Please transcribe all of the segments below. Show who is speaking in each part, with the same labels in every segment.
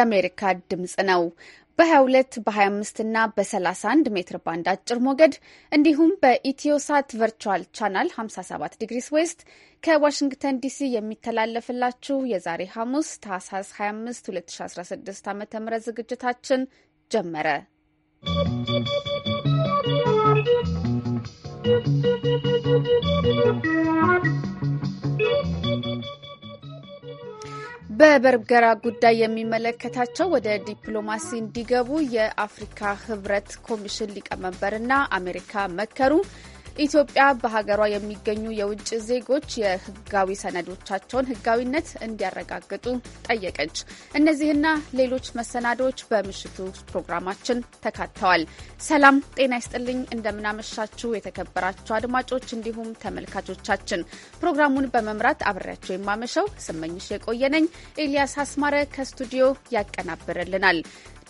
Speaker 1: የአሜሪካ ድምፅ ነው። በ22 በ25 እና በ31 ሜትር ባንድ አጭር ሞገድ እንዲሁም በኢትዮሳት ቨርቹዋል ቻናል 57 ዲግሪስ ዌስት ከዋሽንግተን ዲሲ የሚተላለፍላችሁ የዛሬ ሐሙስ ታህሳስ 25 2016 ዓ ም ዝግጅታችን ጀመረ። ¶¶ በበርገራ ጉዳይ የሚመለከታቸው ወደ ዲፕሎማሲ እንዲገቡ የአፍሪካ ህብረት ኮሚሽን ሊቀመንበርና አሜሪካ መከሩ። ኢትዮጵያ በሀገሯ የሚገኙ የውጭ ዜጎች የህጋዊ ሰነዶቻቸውን ህጋዊነት እንዲያረጋግጡ ጠየቀች። እነዚህና ሌሎች መሰናዶዎች በምሽቱ ፕሮግራማችን ተካተዋል። ሰላም ጤና ይስጥልኝ። እንደምናመሻችሁ የተከበራችሁ አድማጮች እንዲሁም ተመልካቾቻችን፣ ፕሮግራሙን በመምራት አብሬያቸው የማመሸው ስመኝሽ የቆየነኝ። ኤልያስ አስማረ ከስቱዲዮ ያቀናብርልናል።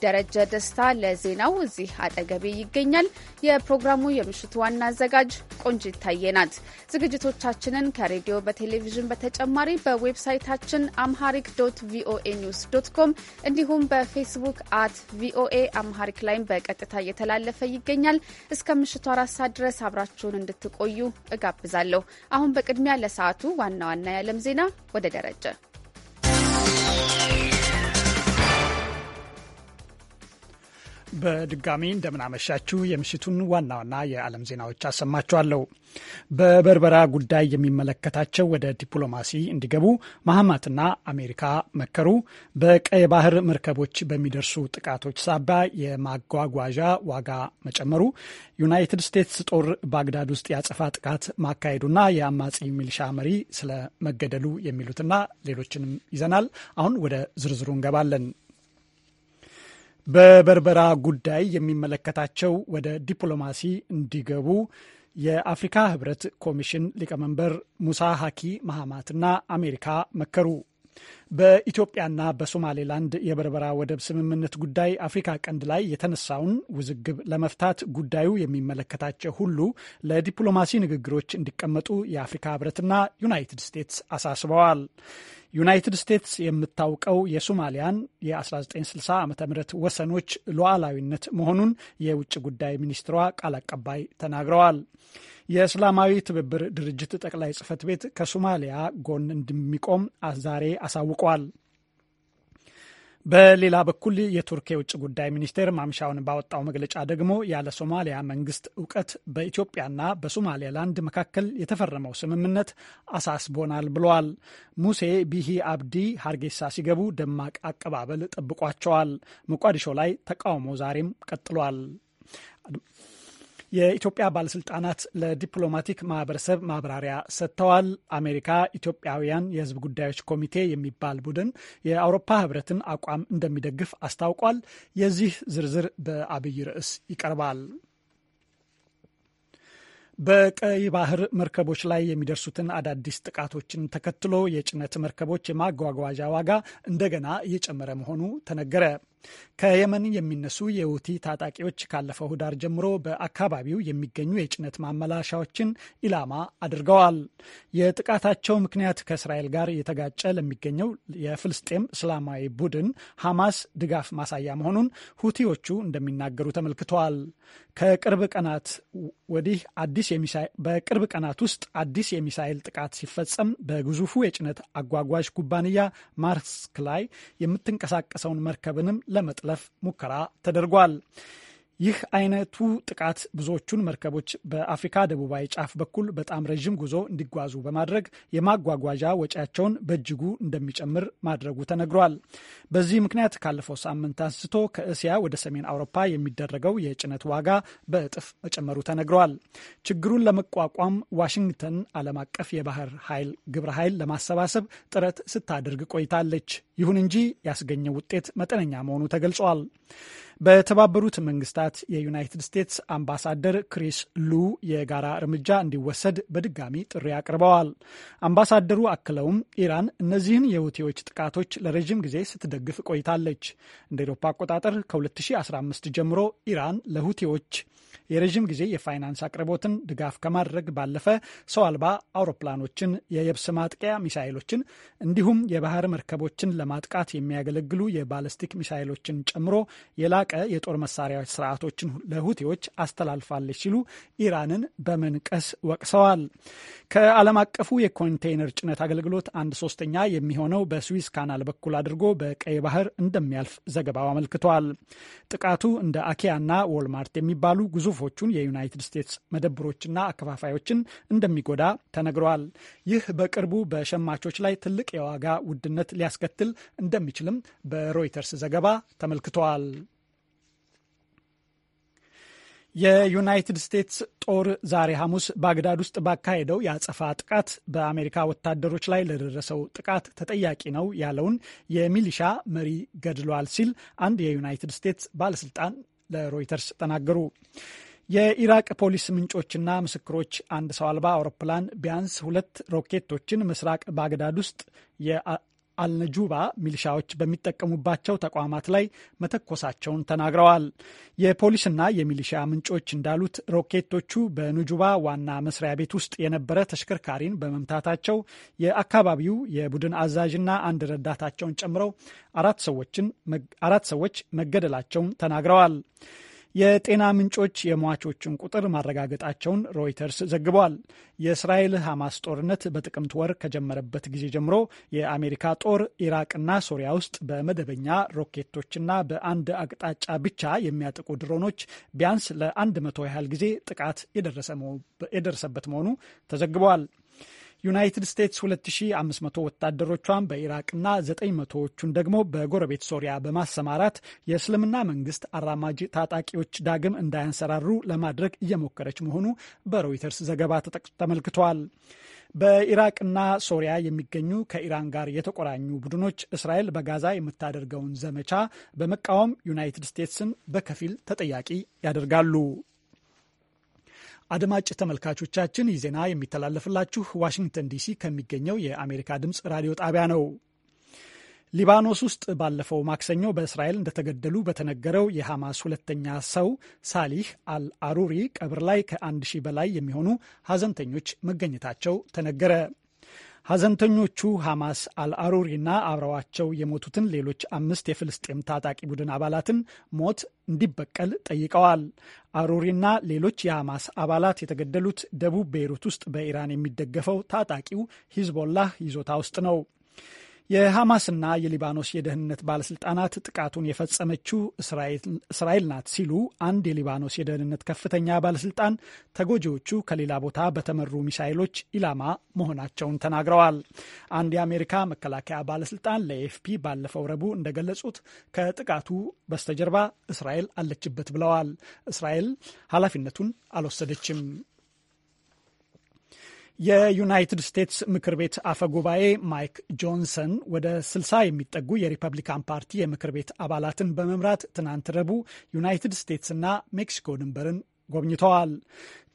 Speaker 1: ደረጀ ደስታ ለዜናው እዚህ አጠገቤ ይገኛል። የፕሮግራሙ የምሽቱ ዋና አዘጋጅ ቆንጂት ይታየናት። ዝግጅቶቻችንን ከሬዲዮ በቴሌቪዥን በተጨማሪ በዌብሳይታችን አምሃሪክ ዶት ቪኦኤ ኒውስ ዶት ኮም እንዲሁም በፌስቡክ አት ቪኦኤ አምሃሪክ ላይም በቀጥታ እየተላለፈ ይገኛል። እስከ ምሽቱ አራት ሰዓት ድረስ አብራችሁን እንድትቆዩ እጋብዛለሁ። አሁን በቅድሚያ ለሰዓቱ ዋና ዋና የዓለም ዜና ወደ ደረጀ
Speaker 2: በድጋሚ እንደምናመሻችሁ የምሽቱን ዋና ዋና የዓለም ዜናዎች አሰማችኋለሁ። በበርበራ ጉዳይ የሚመለከታቸው ወደ ዲፕሎማሲ እንዲገቡ ማህማትና አሜሪካ መከሩ። በቀይ ባህር መርከቦች በሚደርሱ ጥቃቶች ሳቢያ የማጓጓዣ ዋጋ መጨመሩ፣ ዩናይትድ ስቴትስ ጦር ባግዳድ ውስጥ ያጸፋ ጥቃት ማካሄዱና የአማጺ ሚሊሻ መሪ ስለመገደሉ የሚሉትና ሌሎችንም ይዘናል። አሁን ወደ ዝርዝሩ እንገባለን። በበርበራ ጉዳይ የሚመለከታቸው ወደ ዲፕሎማሲ እንዲገቡ የአፍሪካ ህብረት ኮሚሽን ሊቀመንበር ሙሳ ሀኪ ማህማትና አሜሪካ መከሩ። በኢትዮጵያና በሶማሌላንድ የበርበራ ወደብ ስምምነት ጉዳይ አፍሪካ ቀንድ ላይ የተነሳውን ውዝግብ ለመፍታት ጉዳዩ የሚመለከታቸው ሁሉ ለዲፕሎማሲ ንግግሮች እንዲቀመጡ የአፍሪካ ህብረትና ዩናይትድ ስቴትስ አሳስበዋል። ዩናይትድ ስቴትስ የምታውቀው የሶማሊያን የ1960 ዓ ም ወሰኖች ሉዓላዊነት መሆኑን የውጭ ጉዳይ ሚኒስትሯ ቃል አቀባይ ተናግረዋል። የእስላማዊ ትብብር ድርጅት ጠቅላይ ጽህፈት ቤት ከሶማሊያ ጎን እንደሚቆም ዛሬ አሳውቋል። በሌላ በኩል የቱርክ የውጭ ጉዳይ ሚኒስቴር ማምሻውን ባወጣው መግለጫ ደግሞ ያለ ሶማሊያ መንግስት እውቀት በኢትዮጵያና በሶማሌላንድ መካከል የተፈረመው ስምምነት አሳስቦናል ብለዋል። ሙሴ ቢሂ አብዲ ሀርጌሳ ሲገቡ ደማቅ አቀባበል ጠብቋቸዋል። ሞቃዲሾ ላይ ተቃውሞ ዛሬም ቀጥሏል። የኢትዮጵያ ባለስልጣናት ለዲፕሎማቲክ ማህበረሰብ ማብራሪያ ሰጥተዋል። አሜሪካ ኢትዮጵያውያን የህዝብ ጉዳዮች ኮሚቴ የሚባል ቡድን የአውሮፓ ህብረትን አቋም እንደሚደግፍ አስታውቋል። የዚህ ዝርዝር በአብይ ርዕስ ይቀርባል። በቀይ ባህር መርከቦች ላይ የሚደርሱትን አዳዲስ ጥቃቶችን ተከትሎ የጭነት መርከቦች የማጓጓዣ ዋጋ እንደገና እየጨመረ መሆኑ ተነገረ። ከየመን የሚነሱ የሁቲ ታጣቂዎች ካለፈው ህዳር ጀምሮ በአካባቢው የሚገኙ የጭነት ማመላሻዎችን ኢላማ አድርገዋል። የጥቃታቸው ምክንያት ከእስራኤል ጋር የተጋጨ ለሚገኘው የፍልስጤም እስላማዊ ቡድን ሐማስ ድጋፍ ማሳያ መሆኑን ሁቲዎቹ እንደሚናገሩ ተመልክተዋል። ከቅርብ ቀናት ወዲህ አዲስ በቅርብ ቀናት ውስጥ አዲስ የሚሳኤል ጥቃት ሲፈጸም በግዙፉ የጭነት አጓጓዥ ኩባንያ ማርስክ ላይ የምትንቀሳቀሰውን መርከብንም ለመጥለፍ ሙከራ ተደርጓል። ይህ አይነቱ ጥቃት ብዙዎቹን መርከቦች በአፍሪካ ደቡባዊ ጫፍ በኩል በጣም ረዥም ጉዞ እንዲጓዙ በማድረግ የማጓጓዣ ወጪያቸውን በእጅጉ እንደሚጨምር ማድረጉ ተነግሯል። በዚህ ምክንያት ካለፈው ሳምንት አንስቶ ከእስያ ወደ ሰሜን አውሮፓ የሚደረገው የጭነት ዋጋ በእጥፍ መጨመሩ ተነግሯል። ችግሩን ለመቋቋም ዋሽንግተን ዓለም አቀፍ የባህር ኃይል ግብረ ኃይል ለማሰባሰብ ጥረት ስታደርግ ቆይታለች። ይሁን እንጂ ያስገኘው ውጤት መጠነኛ መሆኑ ተገልጿል። በተባበሩት መንግስታት የዩናይትድ ስቴትስ አምባሳደር ክሪስ ሉ የጋራ እርምጃ እንዲወሰድ በድጋሚ ጥሪ አቅርበዋል። አምባሳደሩ አክለውም ኢራን እነዚህን የሁቲዎች ጥቃቶች ለረዥም ጊዜ ስትደግፍ ቆይታለች። እንደ ኤሮፓ አቆጣጠር ከ2015 ጀምሮ ኢራን ለሁቲዎች የረዥም ጊዜ የፋይናንስ አቅርቦትን ድጋፍ ከማድረግ ባለፈ ሰው አልባ አውሮፕላኖችን፣ የየብስ ማጥቂያ ሚሳይሎችን እንዲሁም የባህር መርከቦችን ለማጥቃት የሚያገለግሉ የባለስቲክ ሚሳይሎችን ጨምሮ የላቀ የጦር መሳሪያ ስርዓቶችን ለሁቲዎች አስተላልፋለች ሲሉ ኢራንን በመንቀስ ወቅሰዋል። ከዓለም አቀፉ የኮንቴይነር ጭነት አገልግሎት አንድ ሶስተኛ የሚሆነው በስዊስ ካናል በኩል አድርጎ በቀይ ባህር እንደሚያልፍ ዘገባው አመልክቷል። ጥቃቱ እንደ አኪያና ዎልማርት የሚባሉ ግዙፎቹን የዩናይትድ ስቴትስ መደብሮችና አከፋፋዮችን እንደሚጎዳ ተነግረዋል። ይህ በቅርቡ በሸማቾች ላይ ትልቅ የዋጋ ውድነት ሊያስከትል እንደሚችልም በሮይተርስ ዘገባ ተመልክተዋል። የዩናይትድ ስቴትስ ጦር ዛሬ ሐሙስ ባግዳድ ውስጥ ባካሄደው የአጸፋ ጥቃት በአሜሪካ ወታደሮች ላይ ለደረሰው ጥቃት ተጠያቂ ነው ያለውን የሚሊሻ መሪ ገድሏል ሲል አንድ የዩናይትድ ስቴትስ ባለስልጣን ለሮይተርስ ተናገሩ። የኢራቅ ፖሊስ ምንጮችና ምስክሮች አንድ ሰው አልባ አውሮፕላን ቢያንስ ሁለት ሮኬቶችን ምስራቅ ባግዳድ ውስጥ አልነጁባ ሚሊሻዎች በሚጠቀሙባቸው ተቋማት ላይ መተኮሳቸውን ተናግረዋል። የፖሊስና የሚሊሻ ምንጮች እንዳሉት ሮኬቶቹ በንጁባ ዋና መስሪያ ቤት ውስጥ የነበረ ተሽከርካሪን በመምታታቸው የአካባቢው የቡድን አዛዥና አንድ ረዳታቸውን ጨምረው አራት ሰዎች መገደላቸውን ተናግረዋል። የጤና ምንጮች የሟቾችን ቁጥር ማረጋገጣቸውን ሮይተርስ ዘግቧል። የእስራኤል ሐማስ ጦርነት በጥቅምት ወር ከጀመረበት ጊዜ ጀምሮ የአሜሪካ ጦር ኢራቅና ሶሪያ ውስጥ በመደበኛ ሮኬቶችና በአንድ አቅጣጫ ብቻ የሚያጠቁ ድሮኖች ቢያንስ ለአንድ መቶ ያህል ጊዜ ጥቃት የደረሰበት መሆኑ ተዘግቧል። ዩናይትድ ስቴትስ 2500 ወታደሮቿን በኢራቅና 900ዎቹን ደግሞ በጎረቤት ሶሪያ በማሰማራት የእስልምና መንግስት አራማጅ ታጣቂዎች ዳግም እንዳያንሰራሩ ለማድረግ እየሞከረች መሆኑ በሮይተርስ ዘገባ ተመልክቷል። በኢራቅና ሶሪያ የሚገኙ ከኢራን ጋር የተቆራኙ ቡድኖች እስራኤል በጋዛ የምታደርገውን ዘመቻ በመቃወም ዩናይትድ ስቴትስን በከፊል ተጠያቂ ያደርጋሉ። አድማጭ ተመልካቾቻችን ይህ ዜና የሚተላለፍላችሁ ዋሽንግተን ዲሲ ከሚገኘው የአሜሪካ ድምፅ ራዲዮ ጣቢያ ነው። ሊባኖስ ውስጥ ባለፈው ማክሰኞ በእስራኤል እንደተገደሉ በተነገረው የሐማስ ሁለተኛ ሰው ሳሊህ አልአሩሪ ቀብር ላይ ከአንድ ሺህ በላይ የሚሆኑ ሐዘንተኞች መገኘታቸው ተነገረ። ሐዘንተኞቹ ሐማስ አልአሩሪና አብረዋቸው የሞቱትን ሌሎች አምስት የፍልስጤም ታጣቂ ቡድን አባላትን ሞት እንዲበቀል ጠይቀዋል። አሩሪና ሌሎች የሐማስ አባላት የተገደሉት ደቡብ ቤይሩት ውስጥ በኢራን የሚደገፈው ታጣቂው ሂዝቦላህ ይዞታ ውስጥ ነው። የሐማስና የሊባኖስ የደህንነት ባለስልጣናት ጥቃቱን የፈጸመችው እስራኤል ናት ሲሉ አንድ የሊባኖስ የደህንነት ከፍተኛ ባለስልጣን ተጎጂዎቹ ከሌላ ቦታ በተመሩ ሚሳይሎች ኢላማ መሆናቸውን ተናግረዋል። አንድ የአሜሪካ መከላከያ ባለስልጣን ለኤፍፒ ባለፈው ረቡዕ እንደገለጹት ከጥቃቱ በስተጀርባ እስራኤል አለችበት ብለዋል። እስራኤል ኃላፊነቱን አልወሰደችም። የዩናይትድ ስቴትስ ምክር ቤት አፈ ጉባኤ ማይክ ጆንሰን ወደ ስልሳ የሚጠጉ የሪፐብሊካን ፓርቲ የምክር ቤት አባላትን በመምራት ትናንት ረቡዕ ዩናይትድ ስቴትስና ሜክሲኮ ድንበርን ጎብኝተዋል።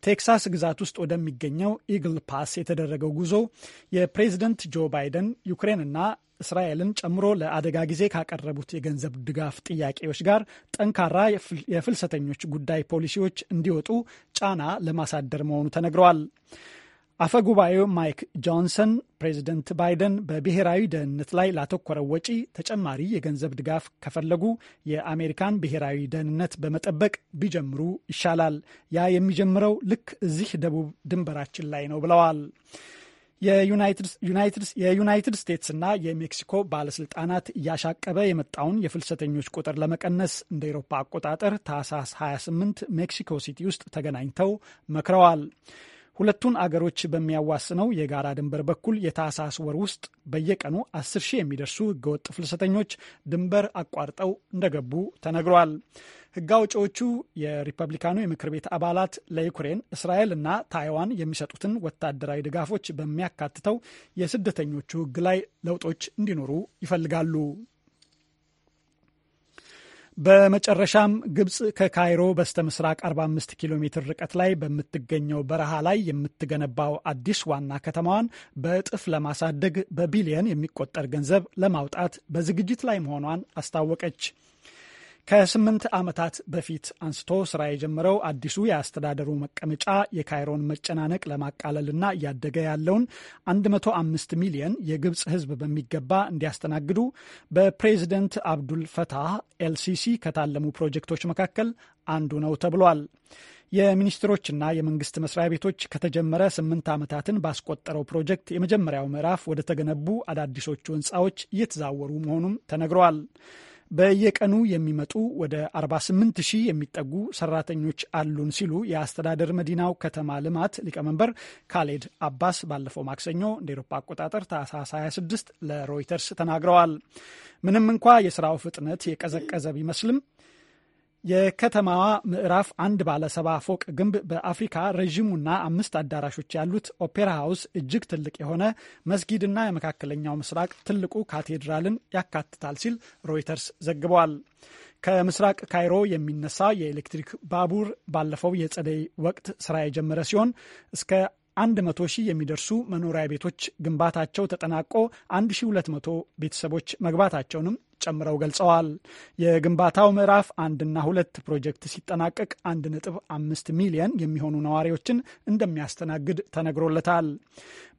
Speaker 2: ቴክሳስ ግዛት ውስጥ ወደሚገኘው ኢግል ፓስ የተደረገው ጉዞ የፕሬዝደንት ጆ ባይደን ዩክሬንና እስራኤልን ጨምሮ ለአደጋ ጊዜ ካቀረቡት የገንዘብ ድጋፍ ጥያቄዎች ጋር ጠንካራ የፍልሰተኞች ጉዳይ ፖሊሲዎች እንዲወጡ ጫና ለማሳደር መሆኑ ተነግረዋል። አፈ ጉባኤው ማይክ ጆንሰን ፕሬዚደንት ባይደን በብሔራዊ ደህንነት ላይ ላተኮረው ወጪ ተጨማሪ የገንዘብ ድጋፍ ከፈለጉ የአሜሪካን ብሔራዊ ደህንነት በመጠበቅ ቢጀምሩ ይሻላል። ያ የሚጀምረው ልክ እዚህ ደቡብ ድንበራችን ላይ ነው ብለዋል። የዩናይትድ ስቴትስና የሜክሲኮ ባለስልጣናት እያሻቀበ የመጣውን የፍልሰተኞች ቁጥር ለመቀነስ እንደ ኤሮፓ አቆጣጠር ታህሳስ 28 ሜክሲኮ ሲቲ ውስጥ ተገናኝተው መክረዋል። ሁለቱን አገሮች በሚያዋስነው የጋራ ድንበር በኩል የታህሳስ ወር ውስጥ በየቀኑ አስር ሺህ የሚደርሱ ህገወጥ ፍልሰተኞች ድንበር አቋርጠው እንደገቡ ተነግሯል። ህግ አውጪዎቹ የሪፐብሊካኑ የምክር ቤት አባላት ለዩክሬን እስራኤል እና ታይዋን የሚሰጡትን ወታደራዊ ድጋፎች በሚያካትተው የስደተኞቹ ህግ ላይ ለውጦች እንዲኖሩ ይፈልጋሉ። በመጨረሻም ግብፅ ከካይሮ በስተ ምስራቅ 45 ኪሎ ሜትር ርቀት ላይ በምትገኘው በረሃ ላይ የምትገነባው አዲስ ዋና ከተማዋን በእጥፍ ለማሳደግ በቢሊየን የሚቆጠር ገንዘብ ለማውጣት በዝግጅት ላይ መሆኗን አስታወቀች። ከስምንት ዓመታት በፊት አንስቶ ስራ የጀመረው አዲሱ የአስተዳደሩ መቀመጫ የካይሮን መጨናነቅ ለማቃለልና እያደገ ያለውን 105 ሚሊየን የግብፅ ሕዝብ በሚገባ እንዲያስተናግዱ በፕሬዚደንት አብዱል ፈታህ ኤልሲሲ ከታለሙ ፕሮጀክቶች መካከል አንዱ ነው ተብሏል። የሚኒስትሮችና የመንግስት መስሪያ ቤቶች ከተጀመረ ስምንት ዓመታትን ባስቆጠረው ፕሮጀክት የመጀመሪያው ምዕራፍ ወደ ተገነቡ አዳዲሶቹ ህንፃዎች እየተዛወሩ መሆኑም ተነግረዋል። በየቀኑ የሚመጡ ወደ 48 ሺህ የሚጠጉ ሰራተኞች አሉን ሲሉ የአስተዳደር መዲናው ከተማ ልማት ሊቀመንበር ካሌድ አባስ ባለፈው ማክሰኞ እንደ ኤሮፓ አቆጣጠር ታህሳስ 26 ለሮይተርስ ተናግረዋል። ምንም እንኳ የስራው ፍጥነት የቀዘቀዘ ቢመስልም የከተማዋ ምዕራፍ አንድ ባለሰባ ፎቅ ግንብ በአፍሪካ ረዥሙና አምስት አዳራሾች ያሉት ኦፔራ ሃውስ እጅግ ትልቅ የሆነ መስጊድና የመካከለኛው ምስራቅ ትልቁ ካቴድራልን ያካትታል ሲል ሮይተርስ ዘግቧል። ከምስራቅ ካይሮ የሚነሳ የኤሌክትሪክ ባቡር ባለፈው የጸደይ ወቅት ስራ የጀመረ ሲሆን እስከ አንድ መቶ ሺህ የሚደርሱ መኖሪያ ቤቶች ግንባታቸው ተጠናቆ 1200 ቤተሰቦች መግባታቸውንም ጨምረው ገልጸዋል። የግንባታው ምዕራፍ አንድና ሁለት ፕሮጀክት ሲጠናቀቅ አንድ ነጥብ አምስት ሚሊየን የሚሆኑ ነዋሪዎችን እንደሚያስተናግድ ተነግሮለታል።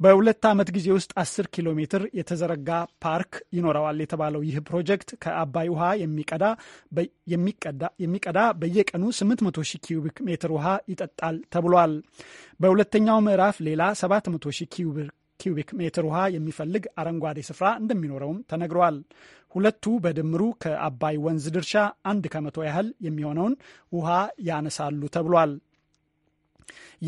Speaker 2: በሁለት ዓመት ጊዜ ውስጥ አስር ኪሎ ሜትር የተዘረጋ ፓርክ ይኖረዋል የተባለው ይህ ፕሮጀክት ከአባይ ውሃ የሚቀዳ በየቀኑ 800 ሺህ ኪዩቢክ ሜትር ውሃ ይጠጣል ተብሏል። በሁለተኛው ምዕራፍ ሌላ 700 ሺህ ኪዩቢክ ሜትር ውሃ የሚፈልግ አረንጓዴ ስፍራ እንደሚኖረውም ተነግሯል። ሁለቱ በድምሩ ከአባይ ወንዝ ድርሻ አንድ ከመቶ ያህል የሚሆነውን ውሃ ያነሳሉ ተብሏል።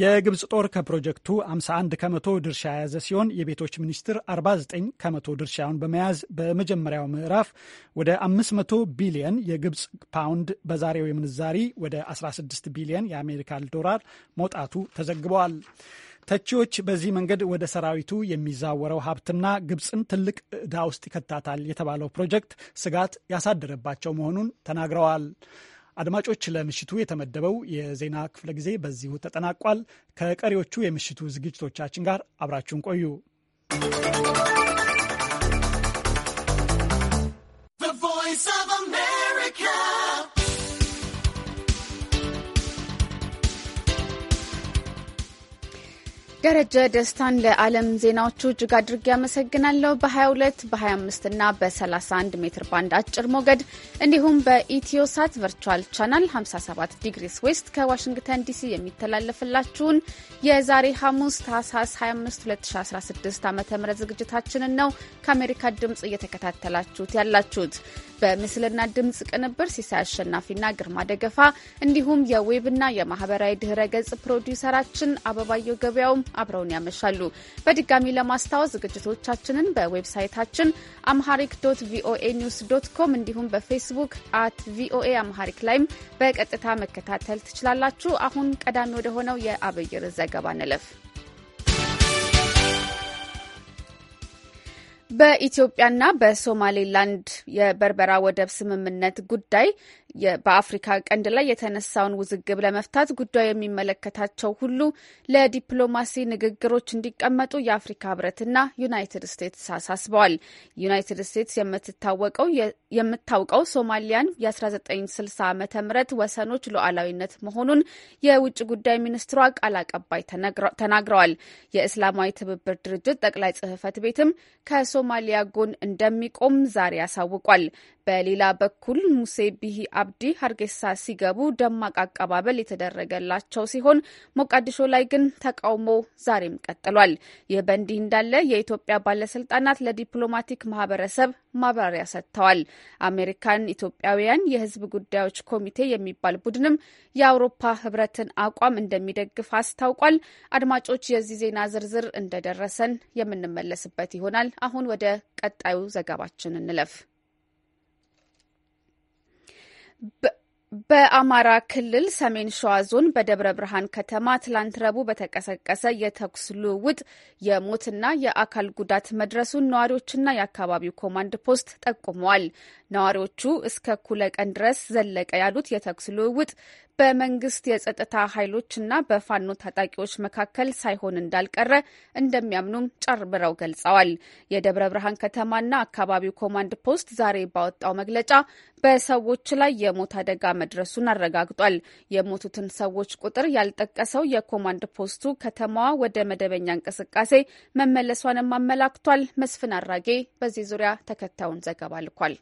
Speaker 2: የግብፅ ጦር ከፕሮጀክቱ 51 ከመቶ ድርሻ የያዘ ሲሆን የቤቶች ሚኒስትር 49 ከመቶ ድርሻውን በመያዝ በመጀመሪያው ምዕራፍ ወደ 500 ቢሊየን የግብፅ ፓውንድ በዛሬው የምንዛሪ ወደ 16 ቢሊየን የአሜሪካን ዶላር መውጣቱ ተዘግበዋል። ተቺዎች በዚህ መንገድ ወደ ሰራዊቱ የሚዛወረው ሀብትና ግብፅን ትልቅ ዕዳ ውስጥ ይከታታል የተባለው ፕሮጀክት ስጋት ያሳደረባቸው መሆኑን ተናግረዋል። አድማጮች፣ ለምሽቱ የተመደበው የዜና ክፍለ ጊዜ በዚሁ ተጠናቋል። ከቀሪዎቹ የምሽቱ ዝግጅቶቻችን ጋር አብራችሁን ቆዩ።
Speaker 1: ደረጀ ደስታን ለዓለም ዜናዎቹ እጅግ አድርጌ ያመሰግናለሁ። በ22 በ25 እና በ31 ሜትር ባንድ አጭር ሞገድ እንዲሁም በኢትዮሳት ቨርቹዋል ቻናል 57 ዲግሪስ ዌስት ከዋሽንግተን ዲሲ የሚተላለፍላችሁን የዛሬ ሐሙስ ታህሳስ 25 2016 ዓ ም ዝግጅታችንን ነው ከአሜሪካ ድምፅ እየተከታተላችሁት ያላችሁት። በምስልና ድምፅ ቅንብር ሲሳይ አሸናፊና ግርማ ደገፋ እንዲሁም የዌብና የማህበራዊ ድህረ ገጽ ፕሮዲውሰራችን አበባየው ገበያውም አብረውን ያመሻሉ። በድጋሚ ለማስታወስ ዝግጅቶቻችንን በዌብሳይታችን አምሃሪክ ዶት ቪኦኤ ኒውስ ዶት ኮም እንዲሁም በፌስቡክ አት ቪኦኤ አምሃሪክ ላይም በቀጥታ መከታተል ትችላላችሁ። አሁን ቀዳሚ ወደሆነው የአብይር ዘገባ ንለፍ። በኢትዮጵያና በሶማሌላንድ የበርበራ ወደብ ስምምነት ጉዳይ በአፍሪካ ቀንድ ላይ የተነሳውን ውዝግብ ለመፍታት ጉዳዩ የሚመለከታቸው ሁሉ ለዲፕሎማሲ ንግግሮች እንዲቀመጡ የአፍሪካ ህብረትና ዩናይትድ ስቴትስ አሳስበዋል። ዩናይትድ ስቴትስ የምታውቀው ሶማሊያን የ1960 ዓ ም ወሰኖች ሉዓላዊነት መሆኑን የውጭ ጉዳይ ሚኒስትሯ ቃል አቀባይ ተናግረዋል። የእስላማዊ ትብብር ድርጅት ጠቅላይ ጽህፈት ቤትም ከሶማሊያ ጎን እንደሚቆም ዛሬ አሳውቋል። በሌላ በኩል ሙሴ ቢሂ አብዲ ሀርጌሳ ሲገቡ ደማቅ አቀባበል የተደረገላቸው ሲሆን ሞቃዲሾ ላይ ግን ተቃውሞ ዛሬም ቀጥሏል። ይህ በእንዲህ እንዳለ የኢትዮጵያ ባለስልጣናት ለዲፕሎማቲክ ማህበረሰብ ማብራሪያ ሰጥተዋል። አሜሪካን ኢትዮጵያውያን የህዝብ ጉዳዮች ኮሚቴ የሚባል ቡድንም የአውሮፓ ህብረትን አቋም እንደሚደግፍ አስታውቋል። አድማጮች የዚህ ዜና ዝርዝር እንደደረሰን የምንመለስበት ይሆናል። አሁን ወደ ቀጣዩ ዘገባችን እንለፍ። በአማራ ክልል ሰሜን ሸዋ ዞን በደብረ ብርሃን ከተማ ትላንት ረቡዕ በተቀሰቀሰ የተኩስ ልውውጥ የሞትና የአካል ጉዳት መድረሱን ነዋሪዎችና የአካባቢው ኮማንድ ፖስት ጠቁመዋል። ነዋሪዎቹ እስከ እኩለ ቀን ድረስ ዘለቀ ያሉት የተኩስ ልውውጥ በመንግስት የጸጥታ ኃይሎችና በፋኖ ታጣቂዎች መካከል ሳይሆን እንዳልቀረ እንደሚያምኑም ብረው ገልጸዋል። የደብረ ብርሃን ከተማና አካባቢው ኮማንድ ፖስት ዛሬ ባወጣው መግለጫ በሰዎች ላይ የሞት አደጋ መድረሱን አረጋግጧል። የሞቱትን ሰዎች ቁጥር ያልጠቀሰው የኮማንድ ፖስቱ ከተማዋ ወደ መደበኛ እንቅስቃሴ መመለሷንም አመላክቷል። መስፍን አራጌ በዚህ ዙሪያ ተከታዩን ዘገባ ልኳል።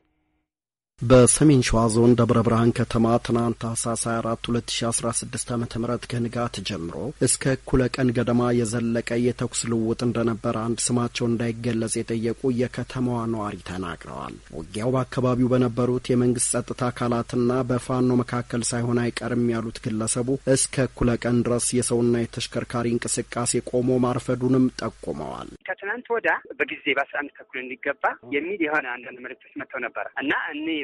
Speaker 3: በሰሜን ሸዋ ዞን ደብረ ብርሃን ከተማ ትናንት ታህሳስ 24 2016 ዓ ም ከንጋት ጀምሮ እስከ እኩለ ቀን ገደማ የዘለቀ የተኩስ ልውውጥ እንደነበረ አንድ ስማቸው እንዳይገለጽ የጠየቁ የከተማዋ ነዋሪ ተናግረዋል። ውጊያው በአካባቢው በነበሩት የመንግስት ጸጥታ አካላትና በፋኖ መካከል ሳይሆን አይቀርም ያሉት ግለሰቡ እስከ እኩለ ቀን ድረስ የሰውና የተሽከርካሪ እንቅስቃሴ ቆሞ ማርፈዱንም ጠቁመዋል።
Speaker 4: ከትናንት ወዳ በጊዜ በአስራ አንድ ተኩል እንዲገባ የሚል የሆነ አንዳንድ መልእክቶች መጥተው ነበረ እና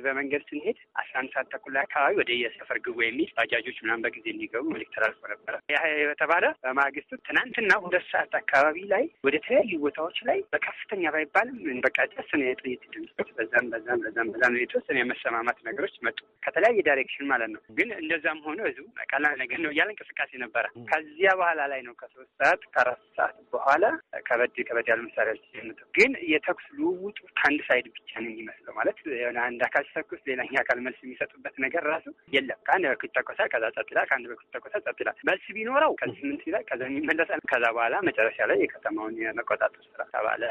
Speaker 4: በመንገድ ስንሄድ አስራ አንድ ሰዓት ተኩል ላይ አካባቢ ወደ የሰፈር ግቡ የሚል ባጃጆች ምናምን በጊዜ እንዲገቡ መልክ ተላልፎ ነበረ። ያ በተባለ በማግስቱ ትናንትና ሁለት ሰዓት አካባቢ ላይ ወደ ተለያዩ ቦታዎች ላይ በከፍተኛ ባይባልም በቃ የተወሰነ የጥይት ድምጾች በዛም በዛም በዛም በዛም የተወሰነ የመሰማማት ነገሮች መጡ፣ ከተለያየ ዳይሬክሽን ማለት ነው። ግን እንደዛም ሆነ ህዝቡ ቀላል ነገር ነው እያለ እንቅስቃሴ ነበረ። ከዚያ በኋላ ላይ ነው ከሶስት ሰዓት ከአራት ሰዓት በኋላ ከበድ ከበድ ያሉ መሳሪያዎች ሲመጡ፣ ግን የተኩስ ልውውጡ ከአንድ ሳይድ ብቻ ነው የሚመስለው ማለት የሆነ አንድ አካል ሲተኩስ ሌላኛ አካል መልስ የሚሰጡበት ነገር ራሱ የለም። ከአንድ በኩል ይተኮሳል፣ ከዛ ጸጥ ከአንድ በኩል ይተኮሳል፣ ጸጥ መልስ ቢኖረው ከዚህ ምንት ይላል፣ ከዛ የሚመለሳል። ከዛ በኋላ መጨረሻ ላይ የከተማውን የመቆጣጠር ስራ ተባለ።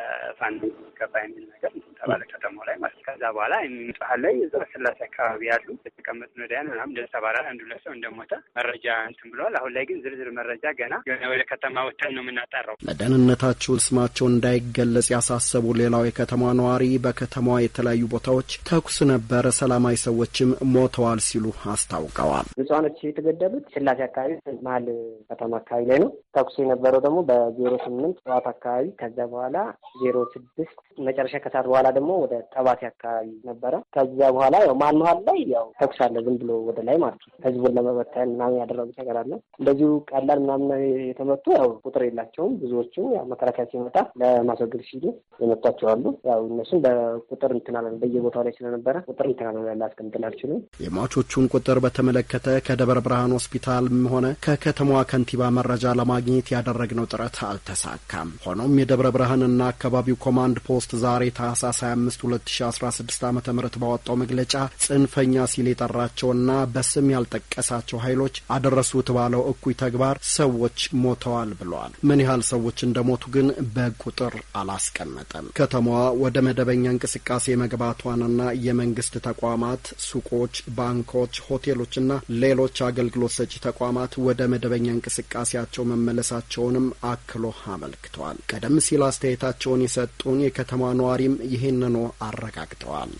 Speaker 4: ፋኖ ገባ የሚል ነገር ተባለ ከተማው ላይ ማለት ከዛ በኋላ የሚምጽሀል ላይ እዛ ስላሴ አካባቢ ያሉ የተቀመጡ ነዳያን ምናምን ደስ አንዱ ለሰው እንደሞተ መረጃ እንትን ብለዋል። አሁን ላይ ግን ዝርዝር መረጃ ገና የሆነ ወደ ከተማ ወተን ነው የምናጠራው።
Speaker 3: በደህንነታቸው ስማቸው እንዳይገለጽ ያሳሰቡ ሌላው የከተማ ነዋሪ በከተማዋ የተለያዩ ቦታዎች ተኩስ ነበር ነበር። ሰላማዊ ሰዎችም ሞተዋል ሲሉ አስታውቀዋል።
Speaker 5: ንጹሃኖች የተገደሉት ስላሴ አካባቢ መሀል ከተማ አካባቢ ላይ ነው። ተኩስ የነበረው ደግሞ በዜሮ ስምንት ጠዋት አካባቢ ከዛ በኋላ ዜሮ ስድስት መጨረሻ ከሰዓት በኋላ ደግሞ ወደ ጠባሴ አካባቢ ነበረ። ከዛ በኋላ ያው መሀል መሀል ላይ ያው ተኩስ አለ፣ ዝም ብሎ ወደ ላይ ማለት ነው። ህዝቡን ለመበተን ምናምን ያደረጉት ነገር አለ። እንደዚሁ ቀላል ምናምን የተመቱ ያው ቁጥር የላቸውም ብዙዎቹ። ያው መከላከያ ሲመጣ ለማስወገድ ሲሉ የመቷቸው አሉ። ያው እነሱም በቁጥር እንትናለን በየቦታው ላይ ስለነበረ ቁጥር ላስቀምጥን
Speaker 3: አልችልም። የሟቾቹን ቁጥር በተመለከተ ከደብረ ብርሃን ሆስፒታልም ሆነ ከከተማዋ ከንቲባ መረጃ ለማግኘት ያደረግነው ጥረት አልተሳካም። ሆኖም የደብረ ብርሃንና አካባቢው ኮማንድ ፖስት ዛሬ ታህሳስ 25 2016 ዓ ም ባወጣው መግለጫ ጽንፈኛ ሲል የጠራቸውና በስም ያልጠቀሳቸው ኃይሎች አደረሱት ባለው እኩይ ተግባር ሰዎች ሞተዋል ብለዋል። ምን ያህል ሰዎች እንደሞቱ ግን በቁጥር አላስቀመጠም። ከተማዋ ወደ መደበኛ እንቅስቃሴ መግባቷንና የመንግስት የመንግስት ተቋማት፣ ሱቆች፣ ባንኮች፣ ሆቴሎችና ሌሎች አገልግሎት ሰጪ ተቋማት ወደ መደበኛ እንቅስቃሴያቸው መመለሳቸውንም አክሎ አመልክተዋል። ቀደም ሲል አስተያየታቸውን የሰጡን የከተማ ነዋሪም ይህንኑ አረጋግጠዋል።